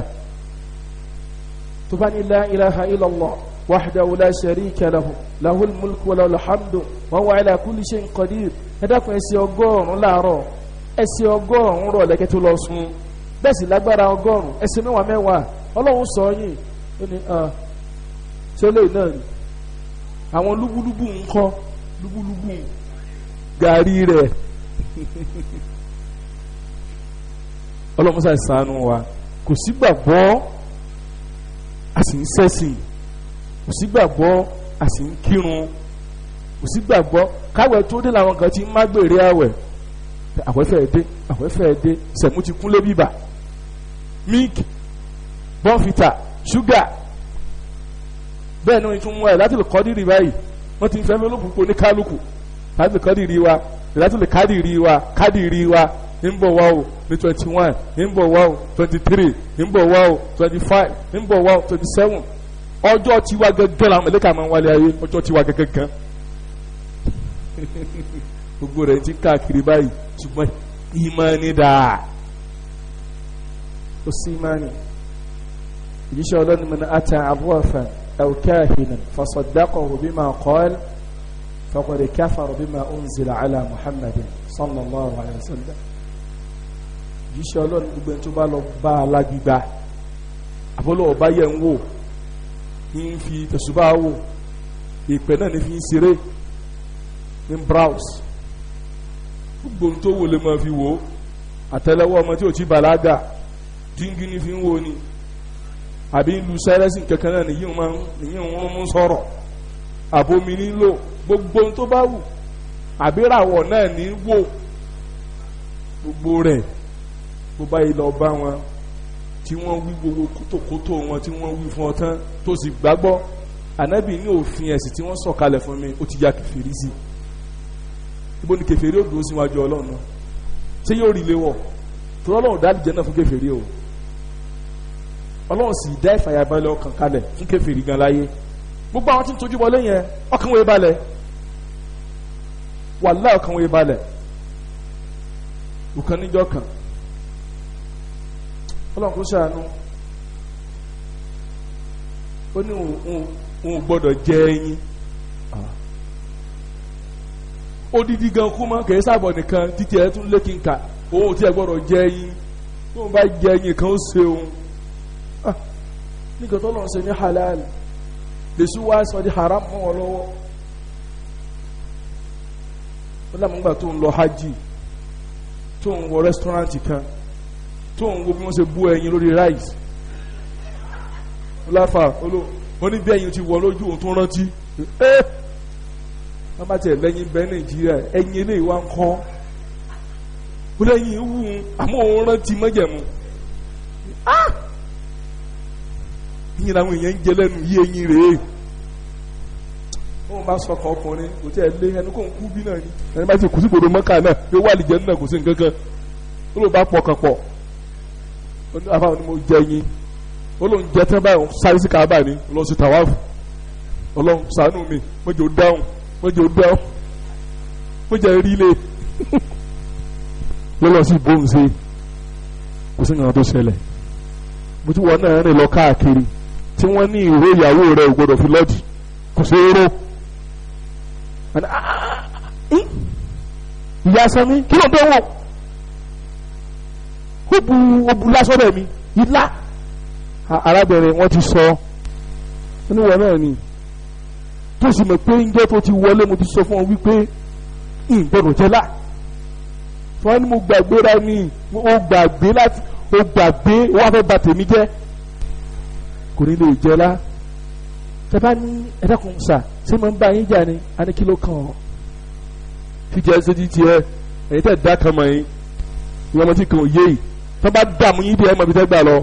tó bá ní la ilaha illallah wahdahu la sharika lahu lahul mulku wa lahul hamdu wa huwa ala kulli shay'in qadir ẹ dákun ẹ ṣe ọgọ́rùn-ún láàárọ̀ ẹ ṣe ọgọ́rùn-ún rọ̀lẹ́ kẹ́ tó lọ sùn bẹ́ẹ̀ sì lágbára ọgọ́rùn-ún ẹ ṣe mẹ́wàá mẹ́wàá ọlọ́run sọ yín ó ní ṣọlẹ̀ náà ni àwọn lúbúlúbú ń kọ́ lúbúlúbú ń kọ́ gàrí rẹ̀ ọlọ́mọsá ìsànú wa kò sígbàgbọ́ a sì ń sẹ́sìn kò sígbàgbọ́ a sì ń kírun kò sígbàgbọ́ káwẹ̀ tó dé làwọn kan ti ń má gbèrè àwẹ̀ àwẹ́fẹ́ dé àwẹ́fẹ́ dé sẹ̀mú ti kúnlé bíbà mílíkì bọ́ǹfìtà ṣúgà bẹ́ẹ̀ ni wọ́n ti mú ẹ̀ láti lè kọ́ dírì báyìí wọ́n ti fẹ́ fẹ́ lókùnkùn ní kálukú láti kọ́dìrí wa ìlàtúlẹ̀ kádìrí wa kádìrí wa ń bọ̀ wá o ní twenty one ń bọ̀ wá o twenty three ń bọ̀ wá o twenty five ń bọ̀ wá o twenty seven ọjọ́ tiwa gẹ́gẹ́ la ẹlẹ́ka máa ń wálé ayé ọjọ́ tiwa gẹ́gẹ́ gan gbogbo rẹ̀ ti káàkiri báyìí ṣùgbọ́n ìmánì dáa ó sì ìmánì ìjíṣẹ́ ọlọ́ni mi ni ata abúwàfà ẹ̀wùkẹ́ àhìnà fasọ̀dákọ̀ òbí máa kọ́ ẹ́. فقد كفر بما أنزل على محمد صلى الله عليه وسلم jíṣẹ́ ọlọ́run gbogbo ẹni tó bá lọ bá alágbígbá àbọ́lọ́ ọba yẹ̀ ń wò ń fi tẹ̀sùbá wò ìpè náà ní fi ń ṣeré ní browse gbogbo ohun tó wò lè máa fi wò ó àtẹ́lẹwọ́ ọmọ tí ò ti bàlágà díngí ní fi ń wò ni àbí ń lu sẹ́rẹ́sì kankan náà nìyí ń mú sọ̀rọ̀ àbomi nílò gbogbo ohun tó bá wù àbíràwọ̀ náà ní wò gbogbo rẹ̀ bó bá yìí lọ bá wọn tí wọ́n wí gbogbo kótókótó wọn tí wọ́n wí fún ọ tán tó sì gbàgbọ́ ànábì ní òfin ẹ̀sìn tí wọ́n sọ̀kalẹ̀ fún mi ó ti ya kẹfìrí sí i ibo ni kẹfìrí yóò dúró síwájú ọlọ́run náà ṣé yóò rí ilé wọ̀ tó ọlọ́run dá àlùjẹ́ náà fún kẹfìrí o ọlọ́run sì dá ìfàyàbalẹ̀ ọkàn kalẹ̀ fún kẹfìrí gan láyé gbogbo àwọn tí ń tojú bọ lẹ́yìn ẹ ọkàn wọ́n balẹ̀ wàhálà ọkàn wọn balẹ̀ ọkàn níjọ kan ọlọ́run kò ṣàánú ó ní òun gbọ́dọ̀ jẹ ẹyin ah. odidi gan kú mọ́ kẹ́ẹ́ sábọ̀ nìkan títí ẹ̀ tún lékin kà òun tí ẹ gbọ́dọ̀ jẹ ẹyin tó ń bá jẹ ẹyin kan ó ṣe òun ah. nígbà tó lọ́n ṣe ní halal lè sún wá sọ di haram mọ́ ọ lọ́wọ́ ó dàmú gbà tó ń lọ hajj tó ń wọ rẹ́sítọ́rántì kan tó ń wo bí wọ́n ṣe bú ẹyin lórí ráìsì láfa ó ní bí ẹyin ti wọ lójú òun tó rántí ẹ́ wọ́n bá tiẹ̀ lẹ́yìn bẹ́ẹ̀ nàìjíríà ẹyin eléyìí wá ń kọ́ ó lẹ́yìn wù ú àmọ́ òun rántí mọ́jẹ̀mú ah ìyìn làwọn èèyàn ń jẹ lẹ́nu yí ẹyin rèé wọn bá sọkọ ọkùnrin kò tí ẹ lé ẹnu kò ń kú bí náà ni ẹni bá ti kù sí gbòdo mọ́kà náà yóò wà lìjẹ́ náà kò sí nǹkan kan ó ló bá pọ̀ kan pọ̀ àbáwọn ni mo jẹ yín ó ló ń jẹ tẹ́ báyìí sáré sí káábà ni lọ sí tàwáfù ọlọ́run ṣàánú mi mọ́jọ dáhùn mọ́jọ dáhùn mọ́jọ rílé lọ́lọ́ sí bóun ṣe kò sí nǹkan tó ṣẹlẹ̀ mo ti wọ náà rìn lọ káàkiri tí wọ́n ní ìró ìyàwó rẹ̀ ò gbọ́dọ̀ fi lọ́ọ̀dì kò sí ró ah, eh? ìyá asan mi kí ló dé wò ó bu obu lásọ̀rọ̀ mi ilá arábìnrin wọn ti sọ oníwọ̀ náà ni tó sì mọ̀ pé njẹ́ tó ti wọlé mo ti sọ fún ọ wípé ìgbọ̀nà jẹ́lá wọ́n ní mo gbàgbé ra ni o gbàgbé láti o gbàgbé wọ́n á fẹ́ bà tèmi jẹ́ kò ní lè jẹ́lá tẹ́fà ní ẹ̀dẹ́kùn sà ṣé mo ń bá yín jà ni a ní kíló kan ọ́ fíjẹ́ ṣojú tiẹ̀ ẹ̀yin tẹ̀ dá kan mọ̀ yín ìwọ́n mọ̀tí kan òye yìí tó bá dààmú yín bí ẹ̀ mọ̀ bí tẹ́ gbà lọ.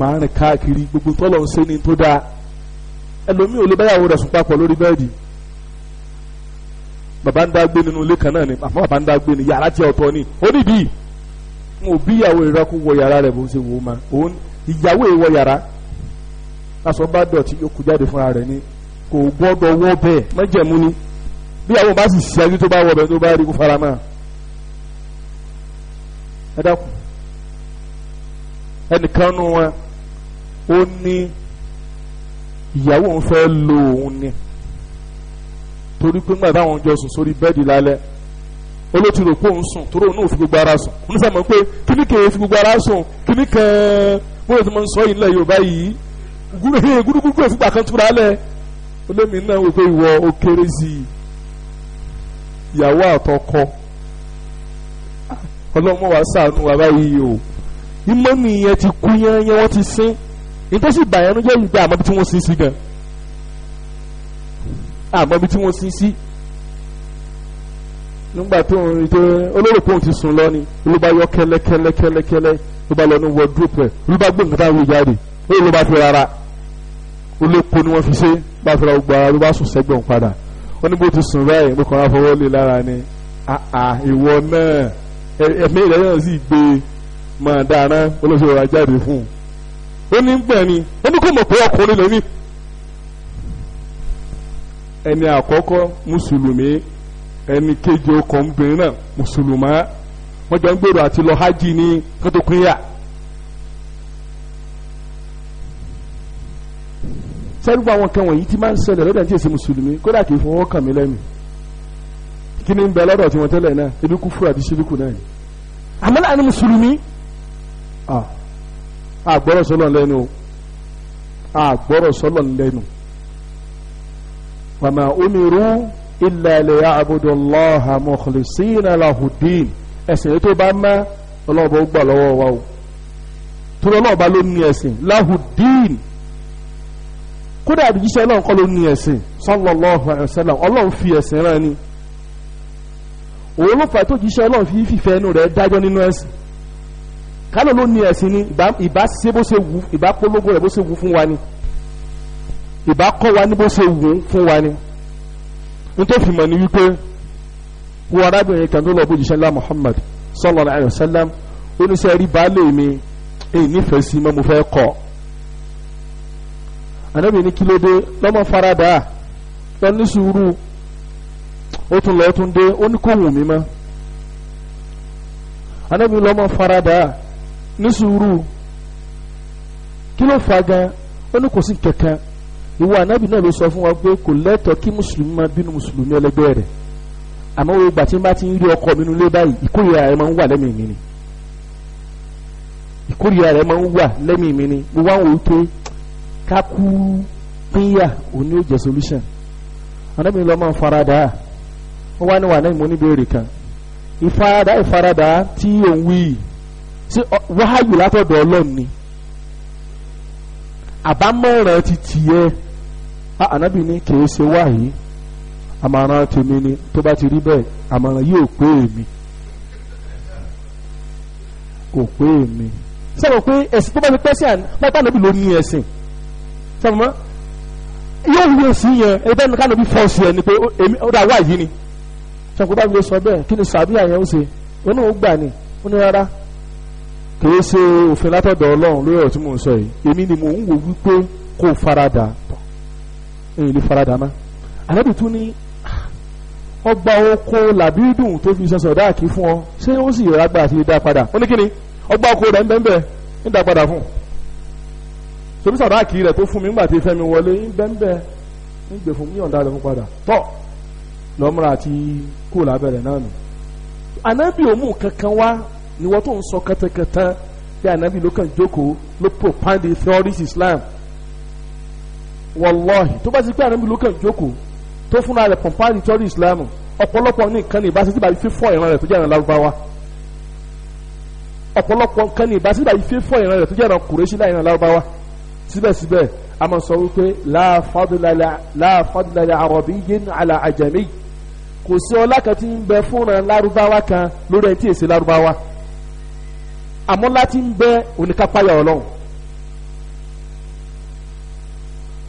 màá rìn káàkiri gbogbo tọ́lọ̀ ń ṣe ni tó dáa ẹlòmíì ò lè báyàwó rẹ̀ sùn papọ̀ lórí bẹ́ẹ̀dì bàbá ń dágbé nínú ilé kan náà ni àfọ bàbá ń dágbé ni yàrá tí ọ̀tọ̀ ni ó níbi n ò bí ìyàwó ìrọ́kù wọ yàrá rẹ̀ bó ṣe wò ó ma ìyàwó ìwọ yàrá lásán bá dọ̀tí yóò kú jáde fúnra rẹ̀ ni kò gbọ́dọ̀ wọ́ bẹ́ẹ̀ májẹ̀mú ni bí àwọn bá sì ṣẹ́jú tó bá wọ̀ bẹ́ẹ̀ tó bá rí kó fara mọ́ ẹ dákun ẹnìkan nu wọn ó ní ìyàwó òun fẹ́ lo òun ni torí pé nígbà táwọn jọ sùn sórí bẹ́ẹ̀dì lálẹ́ olóòtú rò pé òun sùn torí òun náà fi gbogbo ara sùn òun sàmọ́ pé kíní fi gbogbo ara sùn kíní bóyá tó máa ń sọ yìí nílẹ̀ Yorùbá yìí gúrúgúrú ẹ̀fúgbà kan túra lẹ̀ olómi náà wò pé ìwọ ó kéré sí i ìyàwó àtọkọ ọlọ́mọ wa ṣàánú wa báyìí o ìmọ̀ nìyẹn ti kú yẹ́nyẹ́ wọ́n ti sín nítòsí ìbàyẹn jẹ́ ìgbà àmọ́ bí tí wọ́n sin sí gan àmọ́ bí tí wọ́n sin sí nígbà tó ń rí tó olóró pé ti sùn lọ ni ló bá yọ kẹ́lẹ́kẹ́lẹ́kẹ́lẹ́kẹ́lẹ́ ló bá lọ ní wọ́ọ̀dúrópù ẹ̀ ló bá gbé nǹkan táwọn ó ló bá fi rárá olóko ni wọ́n fi ṣe bá a fi ra gbogbo ara ló bá sùn sẹ́gbọ̀n padà wọ́n ní bó ti sùn báyìí mo kàn ra fọwọ́ lé lára ni àà ìwọ náà ẹ̀mí ìrẹ́ náà sì gbé e. máa dáná olóṣèlú ọ̀rọ̀ ajáde fún un ó ní gbẹ̀ ni ó ní kó mọ̀ pé ọkùnrin lómi ẹni àkọ́kọ́ mùsùlùmí ẹni kejì ọkọ̀ obìnrin náà mùsùlùmá wọ́n jọ ń gbèrò àti lọ hajj ní kótó sẹ́rùbù àwọn kan wọ̀nyí ti máa ń ṣẹlẹ̀ lọ́dọ̀ tí èsì mùsùlùmí kódà kì í fọwọ́ kàn mí lẹ́nu kí ni ń bẹ lọ́dọ̀ tí wọ́n tẹ́lẹ̀ náà ebi kú fúra àti ṣíríkù náà ni àmọ́ láàánú mùsùlùmí àgbọ̀rọ̀ sọ́lọ̀ lẹ́nu àgbọ̀rọ̀ sọ́lọ̀ lẹ́nu wa ma umiru illa liya'budu Allaha mukhlisina lahu ddin ẹ̀sìn tó bá mẹ́ ọlọ́ọ̀bá ó gbà lọ́wọ́ wa o tó lọ́ọ̀bá ló ní ẹ̀sìn lahu kódà àdìjíṣẹ́ náà kọ́ ló ní ẹ̀sìn sallallahu alaihi wasallam ọlọ́run fi ẹ̀sìn rán ni òun ló fà tó jíṣẹ́ ọlọ́run fi fífẹ́ inú rẹ̀ dájọ́ nínú ẹ̀sìn kálọ̀ ló ní ẹ̀sìn ni ìbá ṣe bó ṣe wù ìbá polówó rẹ̀ bó ṣe wù fún wa ni ìbá kọ́ wa ní bó ṣe wù fún wa ni nítorí mọ̀ ni wípé wo arábìnrin kan tó lọ bó jíṣẹ́ ńlá Muhammad sallallahu ànábì ní kí de dé lọ́mọ farada lọ ní sùúrù ó tún lọ ó tún dé ó ní kò wù mí mọ́ ànábì lọ́mọ farada ní sùúrù kí ló fa gan ó ní kò sí kankan ìwọ ànábì náà ló sọ fún wa pé kò lẹ́tọ̀ọ́ kí mùsùlùmí máa bínú mùsùlùmí ẹlẹgbẹ́ rẹ̀ àmọ́ wo gbà tí n bá ti ń rí ọkọ mi nulẹ̀ báyìí ìkórìíra rẹ̀ máa ń wà lẹ́mìí mi ni ìkórìíra rẹ̀ máa ń wà lẹ́mìí mi ni mo wá wò ó pé kakú pínyà òní òjẹ solution anabi lọ máa farada wọn wá ní wà náà mo ní béèrè kan ìfarada ìfarada tí òun wí sí wáhàyù látọ̀dọ̀ ọlọ́run ni àbámọ̀ràn ti tiẹ̀ anabi ní kìí ṣe wáyé àmọ̀ràn tèmi ni tó bá ti rí bẹ́ẹ̀ àmọ̀ràn yóò pé èmi kò pé èmi sọ̀rọ̀ pé ẹ̀sìn tó bá ti pẹ́ sí àná pátá lóbi ló ní ẹ̀sìn sọmọ yóò wúlò sí yẹn ẹni bẹ́ẹ̀ ni ká ló bí fọ́ọ̀sì ẹ̀ ni pé èmi ó dà wá yìí ni sọkò bá mi lè sọ bẹ́ẹ̀ kí ni sàbíà yẹn ó ṣe òun náà ó gbà ní ó ní rárá kìí ṣe òfin látọ̀dọ̀ ọlọ́run lórí ọ̀tún mò ń sọ yìí èmi ni mò ń wò wípé kò farada èyí ni farada má àlẹ́bí tún ní ah, ọgbà oko làbídùn tó fi sọ̀sọ̀ dáàkì fún ọ ṣé ó sì rágbà àti dá padà ó ní kíni ọgbà oko rẹ̀ ń bẹ́ẹ̀ ń dá padà fún un sọmi sàdáàkì rẹ̀ tó fún mi nígbà tí fẹ́ mi wọlé ń bẹ́ńbẹ́ ń gbè fún mi yọ̀ǹda rẹ̀ fún padà tọ́ lọ́múra àti kú lábẹ́rẹ̀ náà nù. ànábì òmù kankan wá ni wọ́n tó ń sọ kẹtẹkẹtẹ bí ànábì ló kàn jókòó ló propandi theories Islam wọlọ́ọ̀hì tó bá ti pé ànábì ló kàn jókòó tó fúnra rẹ̀ propandi theories Islam ọ̀pọ̀lọpọ̀ ní nǹkan ní ìbáṣe tí bàbá fífọ́ ìran rẹ̀ tó jẹ́ ìran lárúbáwá ọ̀pọ̀lọpọ̀ nǹkan ní ìbáṣe tí bàbá fífọ́ ìran rẹ̀ tó jẹ́ ìran kùrẹ́sí láì ìran lárúbáwá síbẹ̀síbẹ̀ a máa sọ wípé la fadla li arabiyyin ala ajami kò sí ọlá kan tí ń bẹ fúnra lárúbáwá kan lórí ẹni tí èsì lárúbáwá àmọ́ láti ń bẹ oníkápáyà ọlọ́run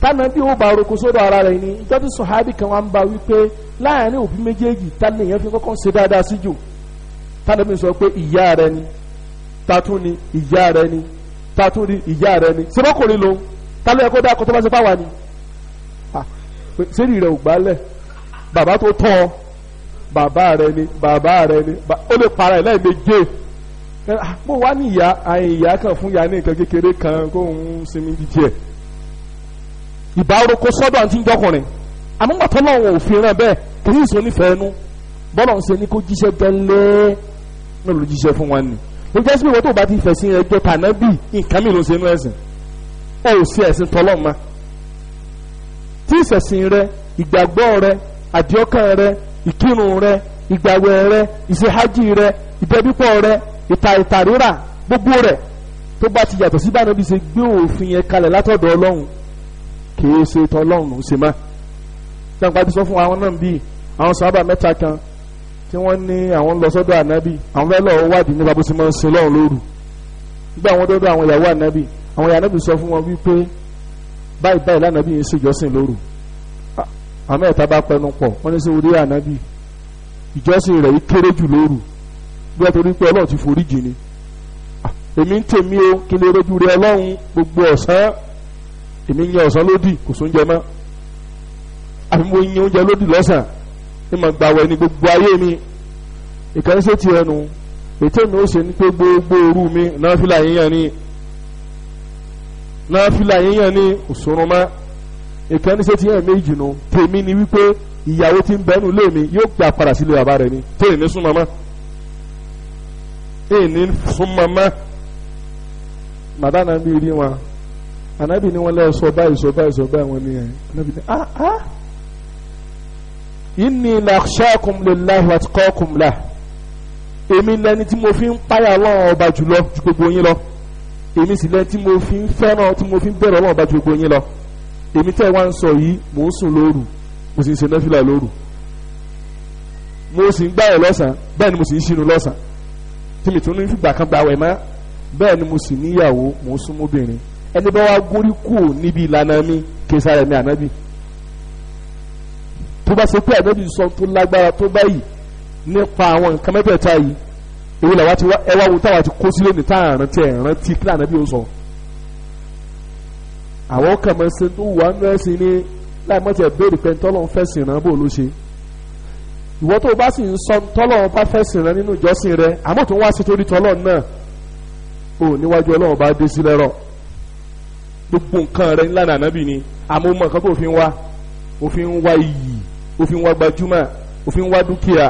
tánà bí ó bá orokun sódò ara rẹ̀ ni ìjọ tí sọ̀hábì kan wá ń ba wípé láàrin òbí méjèèjì tánà èèyàn fi kọ́kọ́ ṣe dáadáa sí jù tánà bí sọ pé ìyá rẹ ni tatún ni ìyá rẹ ni Tatu tún ìyá rẹ ni ṣé mọ́kùnrin lòun ta ló yẹ kó dáko tó bá ṣe fáwa ni sẹ́ni rẹ̀ ò gbálẹ̀ bàbá tó tọ́ ọ bàbá rẹ ni bàbá rẹ ni ó lè para ẹ̀ lẹ́ẹ̀mejì mo wá ní ìyá àyìn ìyá kan fún ìyá ní nǹkan kékeré kan kó ń sinmi jíjẹ ìbárokó sọ́dọ̀ àti ìjọkùnrin àmúgbàtọ́ náà wọn ò fi ràn bẹ́ẹ̀ kì í sọ nífẹ̀ẹ́ nu bọ́lá ń ṣe ní kó jíṣẹ́ gẹ́lẹ́ náà ló fún wa ni ó jẹ́ sípò ìwọ́n tó bá ti fẹ̀sìn rẹ̀ jọ tàná bí nǹkan mìíràn ṣe inú ẹ̀sìn ó ò sí ẹ̀sìn tọ́lọ́ ma tí ìṣẹ̀sìn rẹ ìgbàgbọ́ rẹ àdìọ́kàn rẹ ìkírun rẹ ìgbàwẹ̀ rẹ ìṣehájì rẹ ìdẹ́bípọ̀ rẹ ìta ìtàrírà gbogbo rẹ tó bá ti yàtọ̀ sí bá nàbí ṣe gbé òfin yẹn kalẹ̀ látọ̀dọ̀ ọlọ́run kì í ṣe tọ́lọ́run ṣe má. dáńgbà ti sọ fún àwọn náà bíi àwọn sábà mẹ́ta kan tí wọ́n ní àwọn ń lọ sọ́dọ̀ ànábì àwọn fẹ́ lọ́ọ́ wádìí nípa bó ti máa ń sin lọ́run lóru nígbà àwọn dọ́dọ̀ àwọn ìyàwó ànábì àwọn ìyàwó ànábì sọ fún wọn wípé báyìí báyìí lànàbì yìí ń ṣèjọ́sìn lóru àmọ́ ẹ̀ta bá pẹnu pọ̀ wọ́n ní sí orí ànábì ìjọ́sìn rẹ̀ yìí kéré jù lóru bí wọ́n torí pé ọlọ́run ti foríjì ni ah, èmi ń tèmi o kí lè rojú rẹ ọlọ́run gbogbo ọ̀sán èmi ń yan ọ̀sán lódì kò sóúnjẹ mọ́ àfi mo yan oúnjẹ lódì lọ́sàn tí mo gbà wẹ̀ ní gbogbo ayé mi ìkànsẹ́ ti ẹnu ètò mi ó ṣe ní pé gbogbo òru mi náfìlà yíyan ni náfìlà yíyan ni òṣùnrùnmá ìkànsẹ́ ti yàn méjì nu tèmi ni wípé ìyàwó ti ń bẹnu lé mi yóò gbà padà sílé bàbá rẹ ni tó ìní sún mọ́mọ́ ìní sún mọ́mọ́ màdánà bí rí wọn ànábì ni wọn lọ sọ báyìí sọ báyìí sọ báyìí wọn ni ẹ ànábì ni ah ah inni lakshakum lillahi wa atqakum lah èmi lẹni tí mo fi ń páyà Ọlọ́run ọba jùlọ ju gbogbo yín lọ èmi sì lẹni tí mo fi ń fẹ́ràn tí mo fi ń bẹ̀rẹ̀ Ọlọ́run ọba ju gbogbo yín lọ èmi tẹ́ wá ń sọ yìí mò ń sùn lóru mo sì ń ṣe náfìlà lóru mo sì ń gbààwẹ̀ lọ́sàn bẹ́ẹ̀ ni mo sì ń ṣinu lọ́sàn tí mi tún ní fìgbà kan gbààwẹ̀ mọ́ bẹ́ẹ̀ ni mo sì níyàwó mò ń sún ẹni bá wá górí kù níbi ìlànà mi kí sáré mi ànábì tó bá ṣe pé ànábì sọ tó lágbára tó báyìí nípa àwọn nǹkan mẹ́tẹ̀ẹ̀ta yìí èyí làwa ti wá ẹwà wo táwa ti kó sílé ní tá à rántí ẹ̀ rántí kí ànábì ó sọ. àwọn kan máa ṣe tó wà nínú ẹ̀sìn ní láì mọ́tì ẹ̀ béèrè pé ntọ́lọ́run fẹ́ sìn rán bó ló ṣe. ìwọ tó bá sì ń sọ ntọ́lọ́run bá fẹ́ sìn rán nínú ìjọsìn rẹ àmọ́ tó ń wá sí torí tọ́lọ́run náà ò níwájú ọlọ́run bá dé sí ó fi ń wá gbajúmọ̀ ó fi ń wá dúkìá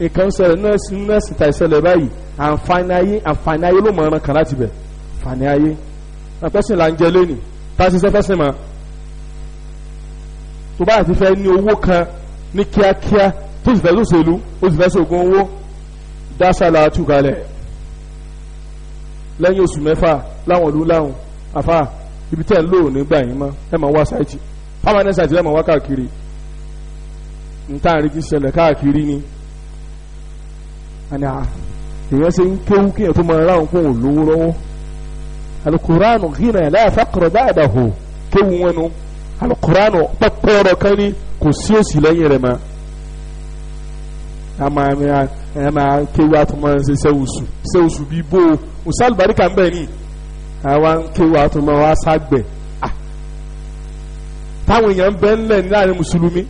nǹkan ṣẹlẹ̀ nọ́ọ̀sì nọ́ọ̀sì ta ìṣẹlẹ̀ báyìí àǹfààní ayé àǹfààní ayé ló mọ̀ ọ́n kan láti bẹ̀ àǹfààní ayé àpẹ́sìn là ń jẹ lónìí tá a ti sẹ́fẹ́ sìn mọ́ tó bá àti fẹ́ ní owó kan ní kíákíá tó sì fẹ́ sòṣèlú ó sì fẹ́ sògùn owó dásàlà àtúkalẹ̀ lẹ́yìn oṣù mẹ́fà láwọn ìlú láwọn àfà ibi tẹ́ ń lò nígbà yín mọ́ ẹ máa wá sáìtì permanent site lẹ́mọ̀ wá káàkiri nta àrídí ṣẹlẹ̀ káàkiri ni àní à èèyàn ṣe ń kéwú kéèyàn tó máa ráhùn fún olówó lọ́wọ́ alukuraanu gina la faqra ba'dahu kéwú wọn nu alukuraanu pẹ́pẹ́rọ kan ní kò sí òsì lẹ́yìn rẹ̀ ma ama ama kéwú àtúmọ̀ ṣe sẹ́wùsù sẹ́wùsù bíi bó o musa ń bẹ̀ ni àwọn kéwú àtúmọ̀ wa sá táwọn èèyàn ń bẹ ńlẹ̀ ní láàrin mùsùlùmí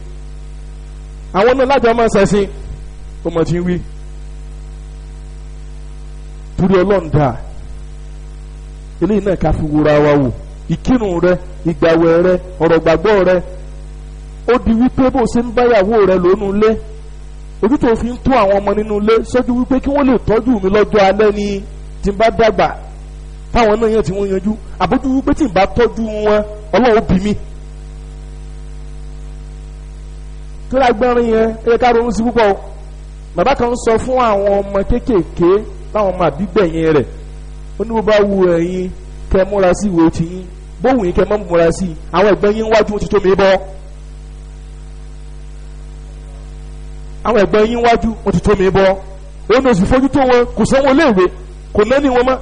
àwọn náà lájọ máa ń sẹ́sìn ó mọ̀ tí ń wí torí ọlọ́run dáa eléyìí náà ká fi wúra wa wò ìkírun rẹ ìgbàwẹ̀ rẹ ọ̀rọ̀ gbàgbọ́ rẹ ó di wípé bó ṣe ń báyàwó rẹ lónú ilé ojú tó fi ń tó àwọn ọmọ nínú ilé sọ́jú wípé kí wọ́n lè tọ́jú mi lọ́jọ́ alẹ́ ni tí n bá dàgbà táwọn náà yàn tí wọ́n yanjú àbójú wípé tí n bá tọ́jú wọn ọlọ́run bí mi tó lágbárin yẹn ẹ ká ronú sí púpọ̀ bàbá kan sọ fún àwọn ọmọ kéékèèké táwọn ọmọ àbígbẹ̀yìn rẹ̀ ó ní bó bá wu ẹ̀yin kẹ́ múra sí ìwé ti yín bóhùn yín kẹ́ mọ́ múra sí i àwọn ẹ̀gbọ́n yín wájú ti tó mi bọ́ àwọn ẹ̀gbọ́n yín wájú ti tó mi bọ́ ó ní oṣù fojú tó wọn kò sanwó léèwé kò náà wọn mọ́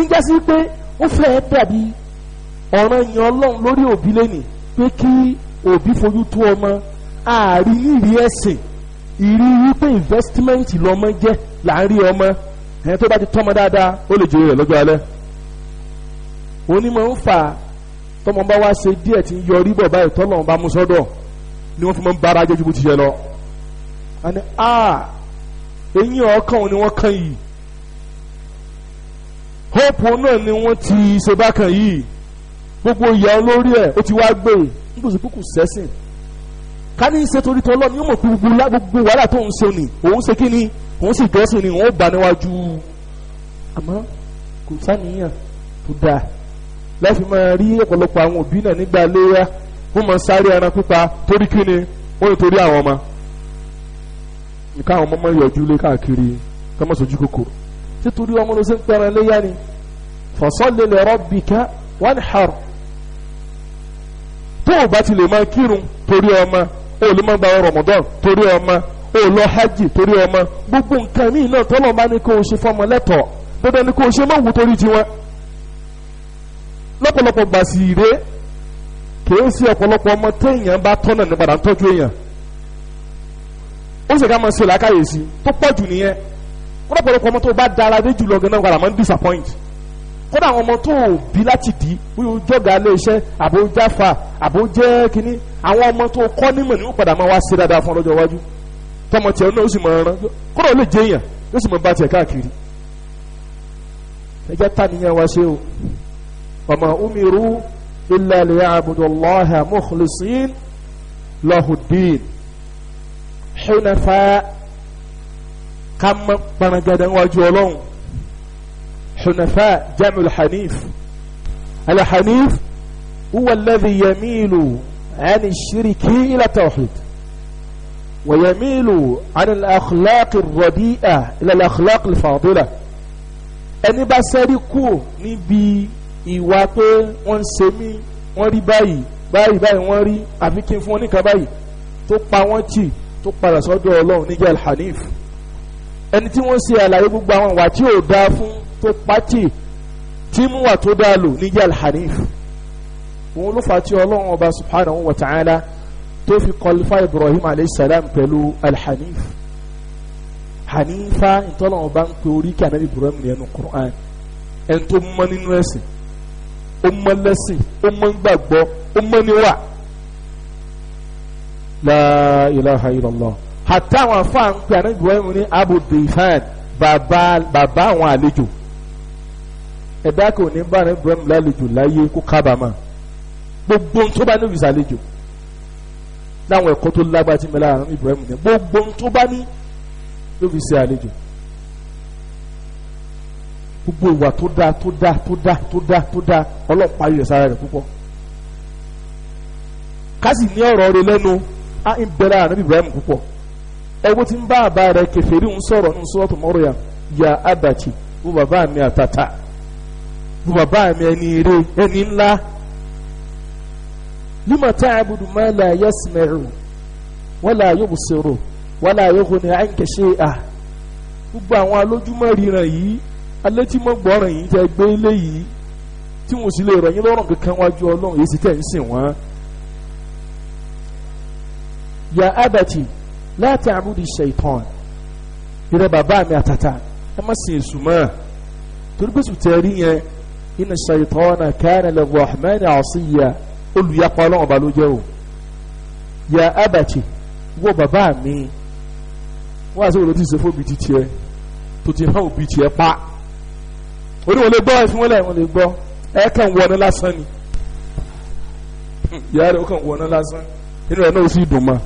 ń jásí pé ó fẹ́ẹ́ dàbí ọ̀ràn yẹn ọlọ́run lórí òbí lẹ́nìí pé kí òbí fojú tó ọmọ ààrí nírìí ẹ̀sìn ìrí wípé investment lọ́mọ jẹ́ láàárín ọmọ ẹni tó bá ti tọ́mọ dáadáa ó lè jèrè rẹ̀ lọ́jọ́ alẹ́ onímọ̀ ń fà tọmọ bá wá ṣe díẹ̀ tí ń yọrí bọ̀ báyìí tọ́lọ̀ bá mú sọ́dọ̀ ni wọ́n fi máa ń bára jẹ́ ju bó ti yẹ lọ. àní a eyín ọkàn ni wọ́n kàn yìí hope náà ni wọ́n ti ṣe bákan yìí gbogbo ìyà olórí ẹ̀ ó ti wá gbé nítorí pé kò sẹ́sìn ká ní í ṣe torí tọ́lọ́ ni ó mọ̀ pé gbogbo wàhálà tó ń ṣe ni òun ṣe kí ni òun sì gẹ́sìn ni òun bá níwájú àmọ́ kò sáníyàn tó dáa láti máa rí ọ̀pọ̀lọpọ̀ àwọn òbí náà nígbà léyà wọ́n máa sáré ẹran pípa torí kí ni wọ́n lè torí àwọn ọmọ nǹkan àwọn ọmọ máa yọjú lé káàkiri ká kòkò títorí ọmọ ló ṣe ń pẹran léyà ni fasalli li rabbika wanhar tó o bá ti lè máa kírun torí ọmọ o lè máa gba Ramadan torí ọmọ o lọ hajj torí ọmọ gbogbo nǹkan míì náà tọ́lọ̀ bá ní kó o ṣe fọmọ lẹ́tọ̀ọ́ dandan ni kó o ṣe máa wù torí tiwọn lọ́pọ̀lọpọ̀ gbà sí ire kìí sí ọ̀pọ̀lọpọ̀ ọmọ téèyàn bá tọ́nà ní padà ń tọ́jú èèyàn ó sì ká máa ṣe làákàyèsí tó pọ̀ jù nìyẹn lọ́pọ̀lọpọ̀ ọmọ tó bá dára dé jùlọ gan náà padà máa ń disappoint kódà àwọn ọmọ tó bí láti dì í bóyá ojọ́gà ilé iṣẹ́ àbó jáfa àbó jẹ́ kínní àwọn ọmọ tó kọ́ nímọ̀ ní ó padà máa wá sí dáadáa fún ọlọ́jọ́ iwájú tọmọ tiẹ̀ náà ó sì máa rán kódà ó lè jẹ́ èèyàn ó sì máa bá tiẹ̀ káàkiri. ẹjẹ́ ta nìyẹn ṣe o ọmọ umiru illa liya'budullaha mukhlisin lahuddin hunafa ká mọ́ gbarangada wájú ọlọ́run حنفاء جمع الحنيف الحنيف هو الذي يميل عن الشرك إلى التوحيد ويميل عن الأخلاق الرديئة إلى الأخلاق الفاضلة ẹni bá sẹ́rí kù níbi ìwà pé wọ́n ń ṣe mí wọ́n rí báyìí báyìí báyìí wọ́n rí àfi kí n fún wọn níkan báyìí tó pa wọ́n tì tó padà sọ́dọ̀ ọlọ́run níjẹ́ alhanif ẹni tí wọ́n ṣe àlàyé gbogbo àwọn ìwà tí ò dáa fún tó pàtì tí mú wà tó dáa lò níjẹ́ alhanif òun ló fà tí ọlọ́run ọba subhanahu wa ta'ala tó fi kọlifá ibrahim aleyhisselam pẹ̀lú alhanif hanifa ìtọ́lọ́run ọba ń pe orí kí anabi ibrahim ní ẹnu quran ẹni tó mọ nínú ẹ̀sìn ó mọ lẹ́sìn ó mọ gbàgbọ́ ó mọ níwà la ilaha illallah hàtà àwọn afáà ń pè àná Ibrahim ní Abu Difan bàbá bàbá àwọn àlejò ẹ̀dá kò ní bá àná Ibrahim lálejò láyé kó kábàámà gbogbo tó bá ní òbí sàlejò láwọn ẹ̀kọ́ tó lágbá tí mẹ́lá àná Ibrahim ní gbogbo tó bá ní òbí sàlejò gbogbo ìwà tó dáa tó dáa tó dáa tó dáa tó dáa ọlọ́pàá yóò sára rẹ̀ púpọ̀ ká ní ọ̀rọ̀ rẹ̀ lẹ́nu á ń bẹ̀rẹ̀ àná Ibrahim púpọ̀. ẹwọ́ tí ń bá àbá rẹ̀ kẹfẹ́rí ń sọ̀rọ̀ ń adachi mọ́rọ̀yà yà àbàtì bó bàbá mi àtàtà bó bàbá mi ẹni ire ẹni ńlá ma la wala wala yughni 'anka shay'a gbogbo àwọn alójúmọ́ ríran yìí alétímọ̀gbọ́ràn yìí tẹ gbé ilé yìí tí wọn sì lè rọ̀ yín lọ́rùn kankan wájú ọlọ́run láti àmúdi ṣèitán yìí rẹ bàbá mi àtàtà ẹ má sin èsù mọ́ torí pé sùtẹ́rì yẹn inna ṣèitán kana lir-rahmani asiya olùyapa ọlọ́run ọba ló jẹ́ o yà abàtì wọ bàbá mi wọ́n àti olùdí ìṣe fún òbí tiẹ̀ tó ti hàn òbí tiẹ̀ pa oníwọlé gbọ́ ìfúnwẹ́lẹ̀ ìwọlé gbọ́ ẹ kàn wọnú lásán ni hm, yàrá ó kàn wọnú lásán inú ẹ̀ náà ó sì dùn mọ́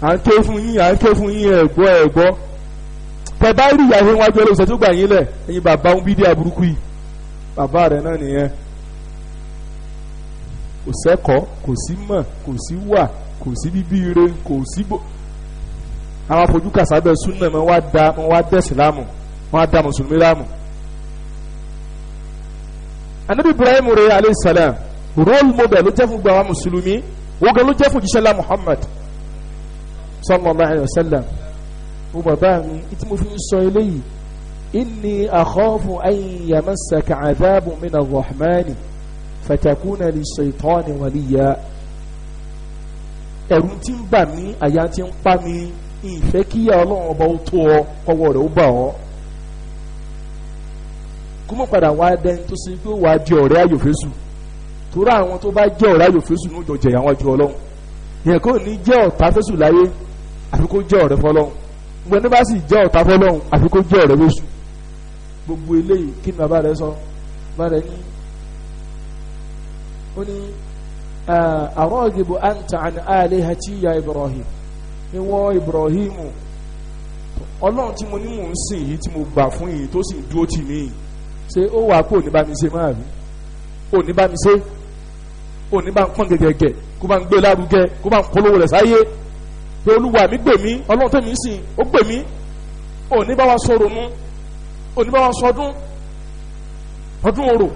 à ń ké fún yín à ń ké fún yín ẹ̀gbọ́ ẹ̀gbọ́ tẹ bá rí ìyàwó iwájú ọlọ́sọ tó gbà yín lẹ̀ ẹ̀yin bàbá ń bí dí aburúkú yìí bàbá rẹ̀ náà nìyẹn kò sẹ́kọ̀ọ́ kò sí mọ̀ kò sí wà kò sí bíbí ire kò sí bò àwọn afojú kàsábẹ̀ súnà mọ́ wá da mọ́ wá dẹ̀sí láàmú wọ́n á da mùsùlùmí láàmú. anabi ibrahim rẹ̀ alayhi salam role model ló jẹ́ fún gbàwá mùsùlùmí wọ́n gan ló jẹ́ fún jíṣẹ́lá muhammad sallallahu alaihi wasallam mo bàbá mi tí mo fi ń sọ eléyìí inni akhafu an yamassaka adhabun min ar-rahmani fatakuna lis-shaytani waliya ẹ̀rù tí ń bà mí àyà tí ń pa mí ìfẹ́ kíyà ọlọ́run ọba ó tó ọ ọwọ́ rẹ̀ ó bà ọ́ kó mọ̀ padà wá dẹ́n tó ṣe pé wàá di ọ̀rẹ́ àyòfésù torí àwọn tó bá jẹ́ ọ̀rẹ́ àyòfésù ní ó jọ jẹ̀yà wọn yẹn kò ní jẹ́ ọ̀tá fésù láyé àfi kó jẹ́ ọ̀rẹ́ fọlọ́hún gbogbo ẹni bá sì jẹ́ ọ̀tá fọlọ́hún àfi kó jẹ́ ọ̀rẹ́ wéṣù gbogbo eléyìí kí ni bàbá rẹ sọ bàbá rẹ ní ó ní àrọ́ọ̀gìbò àǹtà àni àlẹ́ hàtí ya Ibrahim ní wọ́n Ibrahim ọlọ́run tí mo ní mò ń sìn yìí tí mo gbà fún yìí tó sì dúró tì mí yìí ṣé ó wà kó ní bá mi ṣe máa rí ó bá mi ṣe ó bá ń pọ́n gẹ́gẹ́gẹ́ kó bá ń gbé lárugẹ kó bá ń polówó rẹ̀ sáyé pé olúwa mi gbè mí ọlọ́run tẹ̀mí sìn ó gbè mí òní bá wa sọ ronú òní bá wa sọ ọdún ọdún orò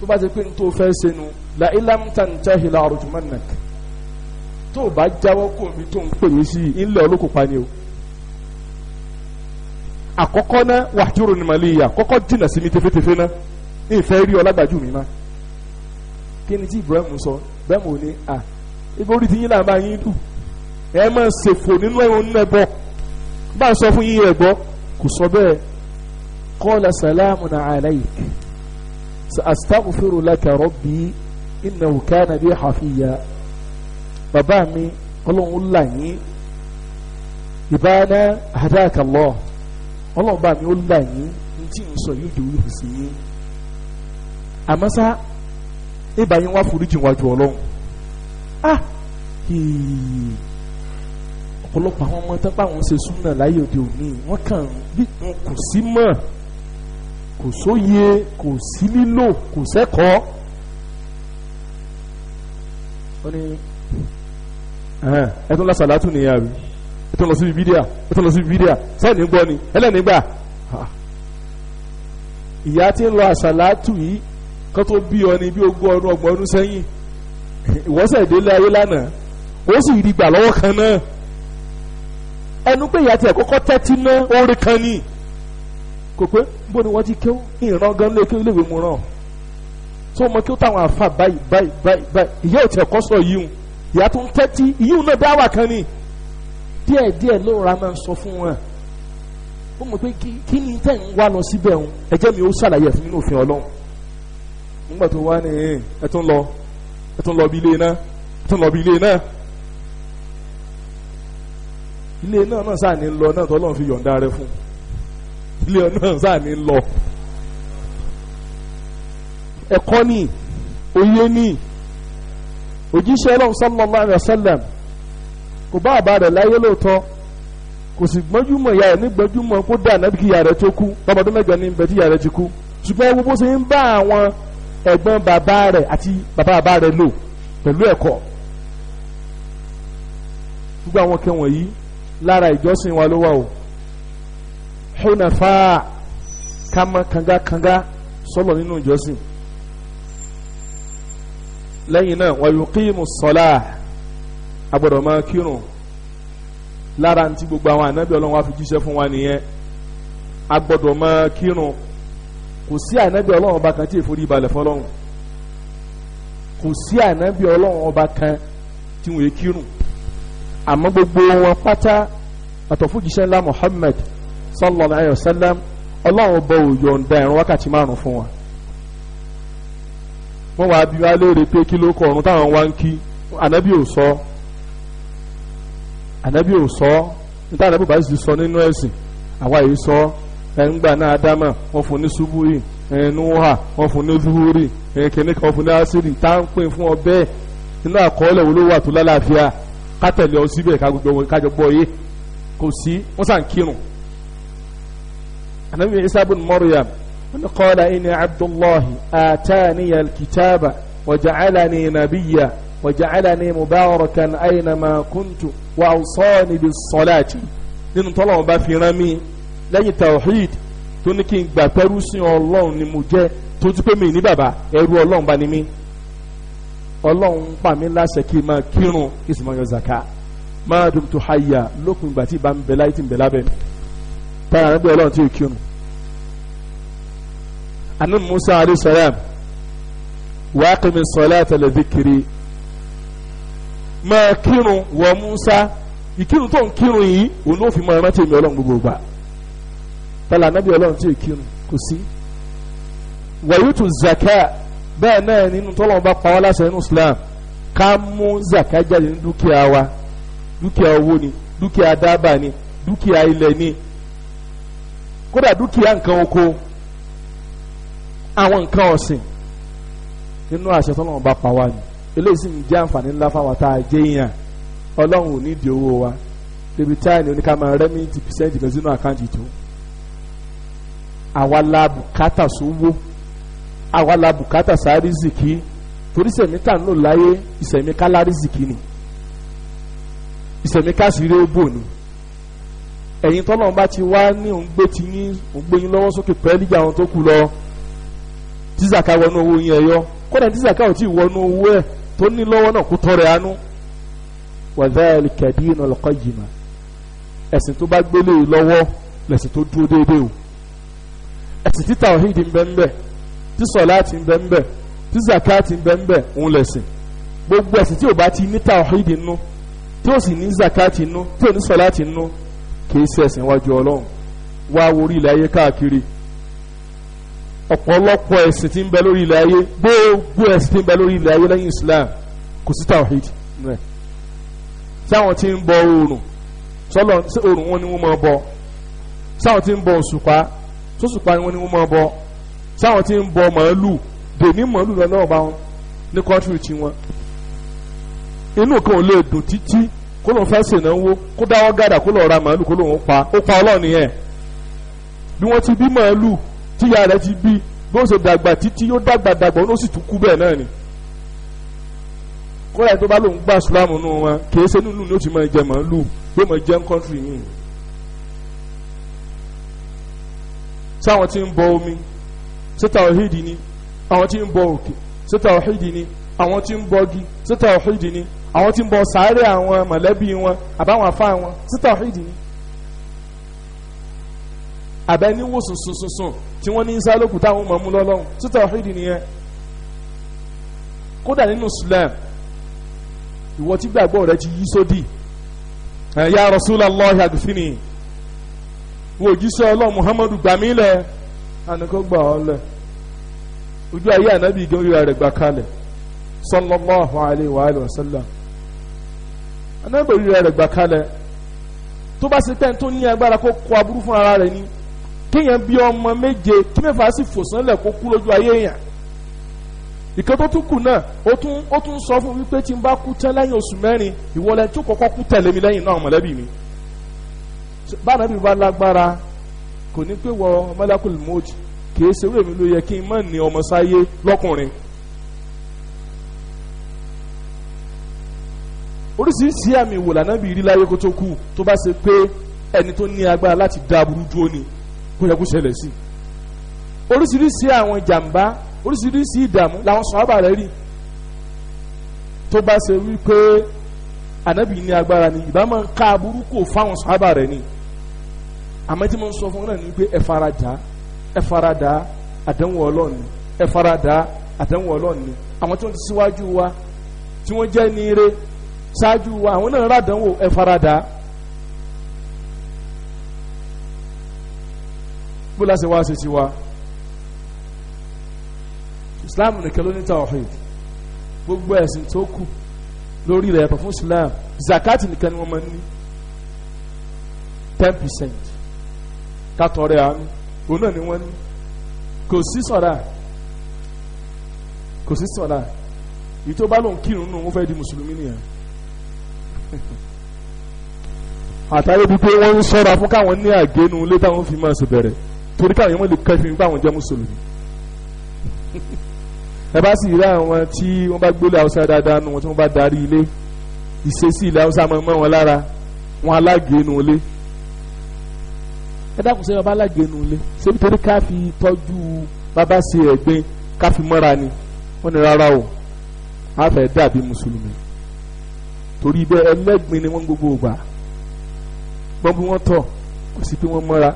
tó bá ti pín tó fẹ́ sẹ́nu la ilam tantahi la arjumannak tó o bá jáwọ́ kó omi tó ń pè é sí ilé olókùpa ni o àkọ́kọ́ náà wàjúrò ni màlíya kọ́kọ́ jìnnà sí mi tẹfẹ́tẹfẹ́ náà ní ìfẹ́ rí ọlágbàjú mi má kí ni tí Ibrahim sọ Ibrahim ò ní à ìgbórí ti yín là ń bá yín dù ẹ máa ṣèfò nínú ẹ̀wọ̀n nínú ẹ̀bọ bá ń sọ fún yín ẹ̀bọ kò sọ bẹ́ẹ̀ qala salamun alayk astaghfiru laka rabbi innahu kana bi hafiya bàbá mi ọlọ́run là yín ìbáná hadaka ọlọ́run bá mi ó là yín ní tí n sọ yóò di wíwù sí yín àmọ́ sá ìbá yín wá foríjì wájú ọlọ́run ah ọ̀pọ̀lọpọ̀ àwọn ọmọ tó bá wọn ṣe súnà láyé òde òní wọ́n kàn bí wọn kò sí mọ̀ kò sóye kò sí lílò kò sẹ́kọ̀ọ́ ó ní ẹ tún lọ sàlátù nìyà rí ẹ tún lọ síbi bídíà ẹ tún lọ síbi bídíà sẹ́ẹ̀ni gbọ́ ni ẹlẹ́ni gbà ah. ìyá tí ń lọ àsàlátù yìí kó tó bí ọ ní bí ogún ọdún ọgbọ̀n ọdún sẹ́yìn ìwọ́sẹ̀ délé ayé lánàá ó sì rí gbà lọ́wọ́ kan náà ẹnu pé ìyá tiẹ̀ kọ́kọ́ tẹ́tí ná orin kan ní kò pé bó ni wọ́n ti kí ìran gan lé kí iléèwé mu ràn tó mọ kí ó táwọn àfa báyìí báyìí báyìí báyìí ìyá ò tiẹ̀ kọ́ sọ yíhun ìyá tó ń tẹ́tí ìyíhun náà dáwà kan ní díẹ̀ díẹ̀ ló ra máa ń sọ fún wọn ó mọ̀ pé kí ni tẹ̀ ń wá lọ síbẹ̀ ń ẹjẹ́ mi ó ṣàlàyé fún mi ní òfin ọlọ́run nígbà tó wá ní ẹ̀ tó ń lọ ẹ tún lọ bí ilé náà ẹ tún lọ bí ilé náà ilé náà náà sáà ní lọ náà tọ́lọ́run fi yọ̀ǹda rẹ fún ilé náà sáà ní lọ ẹ̀kọ́ ni òye ni òjíṣẹ́ ọlọ́run sallallahu alaihi wasallam kò bá àbá rẹ̀ láyé lóòótọ́ kò sì gbọ́njúmọ̀ ìyá rẹ̀ nígbọ́njúmọ̀ kó dà náà kí ìyá rẹ̀ tó kú tọmọdún mẹ́jọ ní bẹ́ẹ̀ tí ìyá rẹ̀ ti kú ṣùgbọ́n gbogbo ṣe ń bá àwọn ẹ̀gbọ́n bàbá rẹ̀ àti bàbá bàbá rẹ̀ lò pẹ̀lú ẹ̀kọ́ gbogbo àwọn kẹwọn yìí lára ìjọsìn wa ló wà o hunafa kama kanga kanga sọlọ nínú ìjọsìn lẹ́yìn náà wa yuqimu sọlá agbọ́dọ̀ máa kírun lára ntí gbogbo àwọn ànábì Ọlọ́run wa fi jíṣẹ́ fún wa nìyẹn agbọ́dọ̀ máa kírun. kò sí ànábì ọlọ́run ọba kan tí èforí balẹ̀ fọlọ́run kò sí ànábì ọlọ́run ọba kan tí wọ́n kírun àmọ́ gbogbo wọn pátá àtọ̀fúnjíṣẹ́ ńlá muhammed sallallahu alayhi wa sallam ọlọ́run ọba ò wákàtí márùn fún wa wọ́n wá bí pé kí ló kọ ọ̀run táwọn wá ń kí ẹ̀ǹgbà náà ádámà wọ́n fún ní ṣubúrì ẹ̀ẹ́núhà wọ́n fún ní zuhúrì ẹ̀ẹ́kẹ́ni kan fún ní asiri tá à ń pè fún ọ bẹ́ẹ̀ nínú àkọọ́lẹ̀ wo ló wà tó lálàáfíà ká tẹ̀lé ọ síbẹ̀ ká gbogbo wọn kájọ gbọ́ yé kò sí wọ́n sàn kírun. anabi isa maryam wọn qala inni abdullahi ataniya alkitaba waja'alani nabiyya waja'alani mubarakan aynama kuntu wa awsani bis salati nínú tọ́lọ́wọ́n bá fi rán mi lẹ́yìn tawhid tó ní kí n gbà pẹ́rú sí ọlọ́run ni mo jẹ́ tó ti pé mi ní bàbá ẹrú ọlọ́run bá ní mí ọlọ́run pa mí láṣẹ kí n máa kírun kí n sì máa yọ zaka máa dùn tó hayà lókun ìgbà tí ìbá ń bẹ láyé tí ń bẹ lábẹ́ mi táyà níbi ọlọ́run tí ò kírun. àní musa alayhi salam wàá kí mi sọlá tẹlẹ zikiri máa kírun wọ musa ìkírun tó ń kírun yìí òun ló fi máa rántí èmi ọlọ́run gbogbo gbà tọ́lá anábì ọlọ́run tí ò kírun kò sí. wàyútù zaka bẹ́ẹ̀ náà nínú tọ́lọ́run bá pa wá láṣẹ nínú Islam ká mú zaka jáde ní dúkìá wa dúkìá owó ni dúkìá dábà ni dúkìá ilẹ̀ ni kódà dúkìá nǹkan oko àwọn nǹkan ọ̀sìn nínú àṣẹ tọ́lọ́run bá pa wá ni eléyìí sì ń jẹ́ àǹfààní ńlá fáwọn tá a jẹ́ èèyàn ọlọ́run ò ní ìdí owó wa débi táyà ni oníkàmá rẹ́mí ti pìsẹ́ǹtì kan sínú àkáǹtì tó àwa la bùkátà sówó àwa la bùkátà sáré zìkì torí sẹ̀mí tà ń lò láyé ìsẹ̀mí kálárì zìkì ni ìsẹ̀mí kásìrí ó bò ni ẹ̀yin tọ́lọ́run bá ti wá ní òun gbé ti yín òun gbé yín lọ́wọ́ sókè pẹ́ẹ́lí jà àwọn tó kù lọ tíṣàká wọnú owó yín ẹ̀yọ́ kódà tíṣàká ò tí ì wọnú owó ẹ̀ tó ní lọ́wọ́ náà kó tọrẹ àánú wàzáàlì kẹ̀dí ìnà yìí mà ẹ̀sìn tó bá gbélé lọ́wọ́ lẹ̀sìn tó dúró déédéé o ẹ̀sìn tí tawhid ń bẹ ń bẹ tí sọláàtì ń bẹ ń bẹ tí zakati ń bẹ ń bẹ òun lẹ̀sìn gbogbo ẹ̀sìn tí ò bá ti ní tawhid nínú tí ò sì ní zakati nínú tí ò ní sọláàtì nínú kìí ṣe ẹ̀sìn wájú ọlọ́run wá orí ilẹ̀ ayé káàkiri ọ̀pọ̀lọpọ̀ ẹ̀sìn tí ń bẹ lórí ilẹ̀ ayé gbogbo ẹ̀sìn tí ń bẹ lórí ilẹ̀ ayé lẹ́yìn Islam kò sí tawhid rẹ̀ sáwọn tí ń bọ oòrùn sọlọ oòrùn wọn ni wọn máa bọ sáwọn tí ń bọ òṣùpá sóṣùpá ni wọ́n ní wọ́n máa bọ sáwọn tí ń bọ màálù dèní màálù lọ náà bá wọn ní kọ́ńtírì tí wọn. inú kan ò lè dùn títí kó lóun fẹ́ ṣènáwó kó dáwọ́ gàdà kó lọ́ọ́ ra màálù kó lóun pa ó pa ọlọ́ọ̀ni yẹn. bí wọ́n ti bí màálù tíya rẹ̀ ti bí bí wọ́n ṣe dàgbà títí yóò dàgbà dàgbà ó sì tún kú bẹ́ẹ̀ náà ni. kóra tó bá lóun gbà sùlámù nù wọn kì í ṣe nínú ni ó ti máa jẹ màálù yóò máa jẹ kọ́ńtírì yìí sáwọn tí ń bọ omi ṣé tàwáhídì ni àwọn tí ń bọ òkè ṣé tàwáhídì ni àwọn tí ń bọ gi ṣé tàwáhídì ni àwọn tí ń bọ sáré àwọn mọ̀lẹ́bí wọn àbáwọn afá wọn ṣé tàwáhídì ni àbẹ níwò sùnsùnsùn tí wọ́n ní sálókù táwọn mọ̀ mú lọ́lọ́run ṣé tàwáhídì nìyẹn kódà nínú Islam ìwọ tí gbàgbọ́ rẹ ti yí sódì ẹ̀yà Rasulullah àgùfínì wo òjíṣẹ́ ọlọ́run muhammadu gbà mí lẹ̀ ànìkó gbà ọ́ lẹ̀ ojú ayé ànábì gan ríra rẹ̀ gbà kalẹ̀ sallallahu alayhi wa alayhi wa sallam ànábì ríra rẹ̀ gbà kalẹ̀ tó bá ṣe tẹ́ni tó ní agbára kó kọ aburú fún ara rẹ̀ ni kéèyàn bí ọmọ méje kí mẹ́fà sì fò sánlẹ̀ kó kú lójú ayé èèyàn ìkan tó kù náà ó tún ó tún sọ fún wípé tí n bá kú tán lẹ́yìn oṣù mẹ́rin ìwọlẹ̀ tó kọ́kọ́ kú tẹ̀lé mi lẹ́yìn náà mọ̀lẹ́bí mi bára bí bá lágbára kò ní pé wọ malakul mot kì í ṣe wíwèmí ló yẹ kí n má ní ọmọ sáyé lọ́kùnrin. oríṣiríṣi àmì ìwò lànà bí rí láyé kó tó kú tó bá ṣe pé ẹni tó ní agbára láti dá aburú dúró ni kó yẹ kó ṣẹlẹ̀ sí i oríṣiríṣi àwọn jàǹbá oríṣiríṣi ìdààmú làwọn sọ̀rọ̀ rẹ̀ rí tó bá ṣe wí pé ànábì ní agbára ni ìbá máa ń ká aburú kò fáwọn sọ̀rọ̀ rẹ̀ ni àmọ́ tí mo ń sọ fún náà ni pé ẹ farada ẹ farada àdánwò ọlọ́ọ̀ni ẹ farada àdánwò ọlọ́ọ̀ni àwọn tó ń ti síwájú wa tí wọ́n jẹ́ ní ire ṣáájú wa àwọn náà ràdánwò ẹ farada. bó láti wá ṣe ti wa Islam nìkan ló ní tawhid gbogbo ẹ̀sìn tó kù lórí rẹ̀ yàtọ̀ fún Islam zakati nìkan ni wọ́n máa ń ní ten percent kátọrẹ àánú òun náà ni wọ́n ní kò sí sọ̀rà kò sí sọ̀rà yìí tó bá lòun kírun nù ó fẹ́ di mùsùlùmí nìyẹn àtàyè bíi pé wọ́n ń sọ́ra fún káwọn ní àgénu ilé táwọn fi máa ṣe bẹ̀rẹ̀ torí káwọn yẹn wọ́n lè kẹ́fìn báwọn jẹ́ mùsùlùmí ẹ bá sì rí àwọn tí wọ́n bá gbélé haúsá dáadáa nu wọn tí wọ́n bá darí ilé ìṣesí ilé haúsá máa mọ́ wọn lára wọn alágénu ilé ẹ dákun sẹ́yìn ọba alágbèénu lé ṣébi torí ká fi tọ́jú bàbá ṣe ẹ̀gbin ká fi mọ́ra ni wọ́n ní rárá o á fẹ́ dàbí mùsùlùmí torí bẹ́ẹ̀ ẹlẹ́gbin ni wọ́n gbogbo ògbà gbọ́n bí wọ́n tọ̀ kò sí pé wọ́n mọ́ra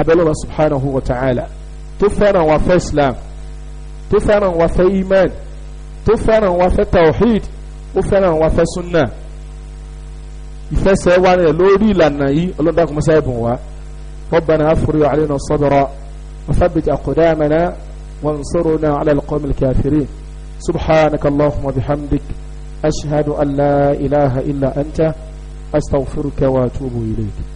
abẹ́lẹ́wà subhanahu wa ta'ala tó fẹ́ràn wa fẹ́ islam tó fẹ́ràn wa fẹ́ iman tó fẹ́ràn wa fẹ́ tawhid ó fẹ́ràn wa fẹ́ sunnah ìfẹsẹ̀ wa rẹ̀ lórí ìlànà yìí ọlọ́dàkùnmọ́sá ẹ̀bùn wa ربنا أفرغ علينا صبرا وثبت أقدامنا وانصرنا على القوم الكافرين سبحانك اللهم وبحمدك أشهد أن لا إله إلا أنت أستغفرك وأتوب إليك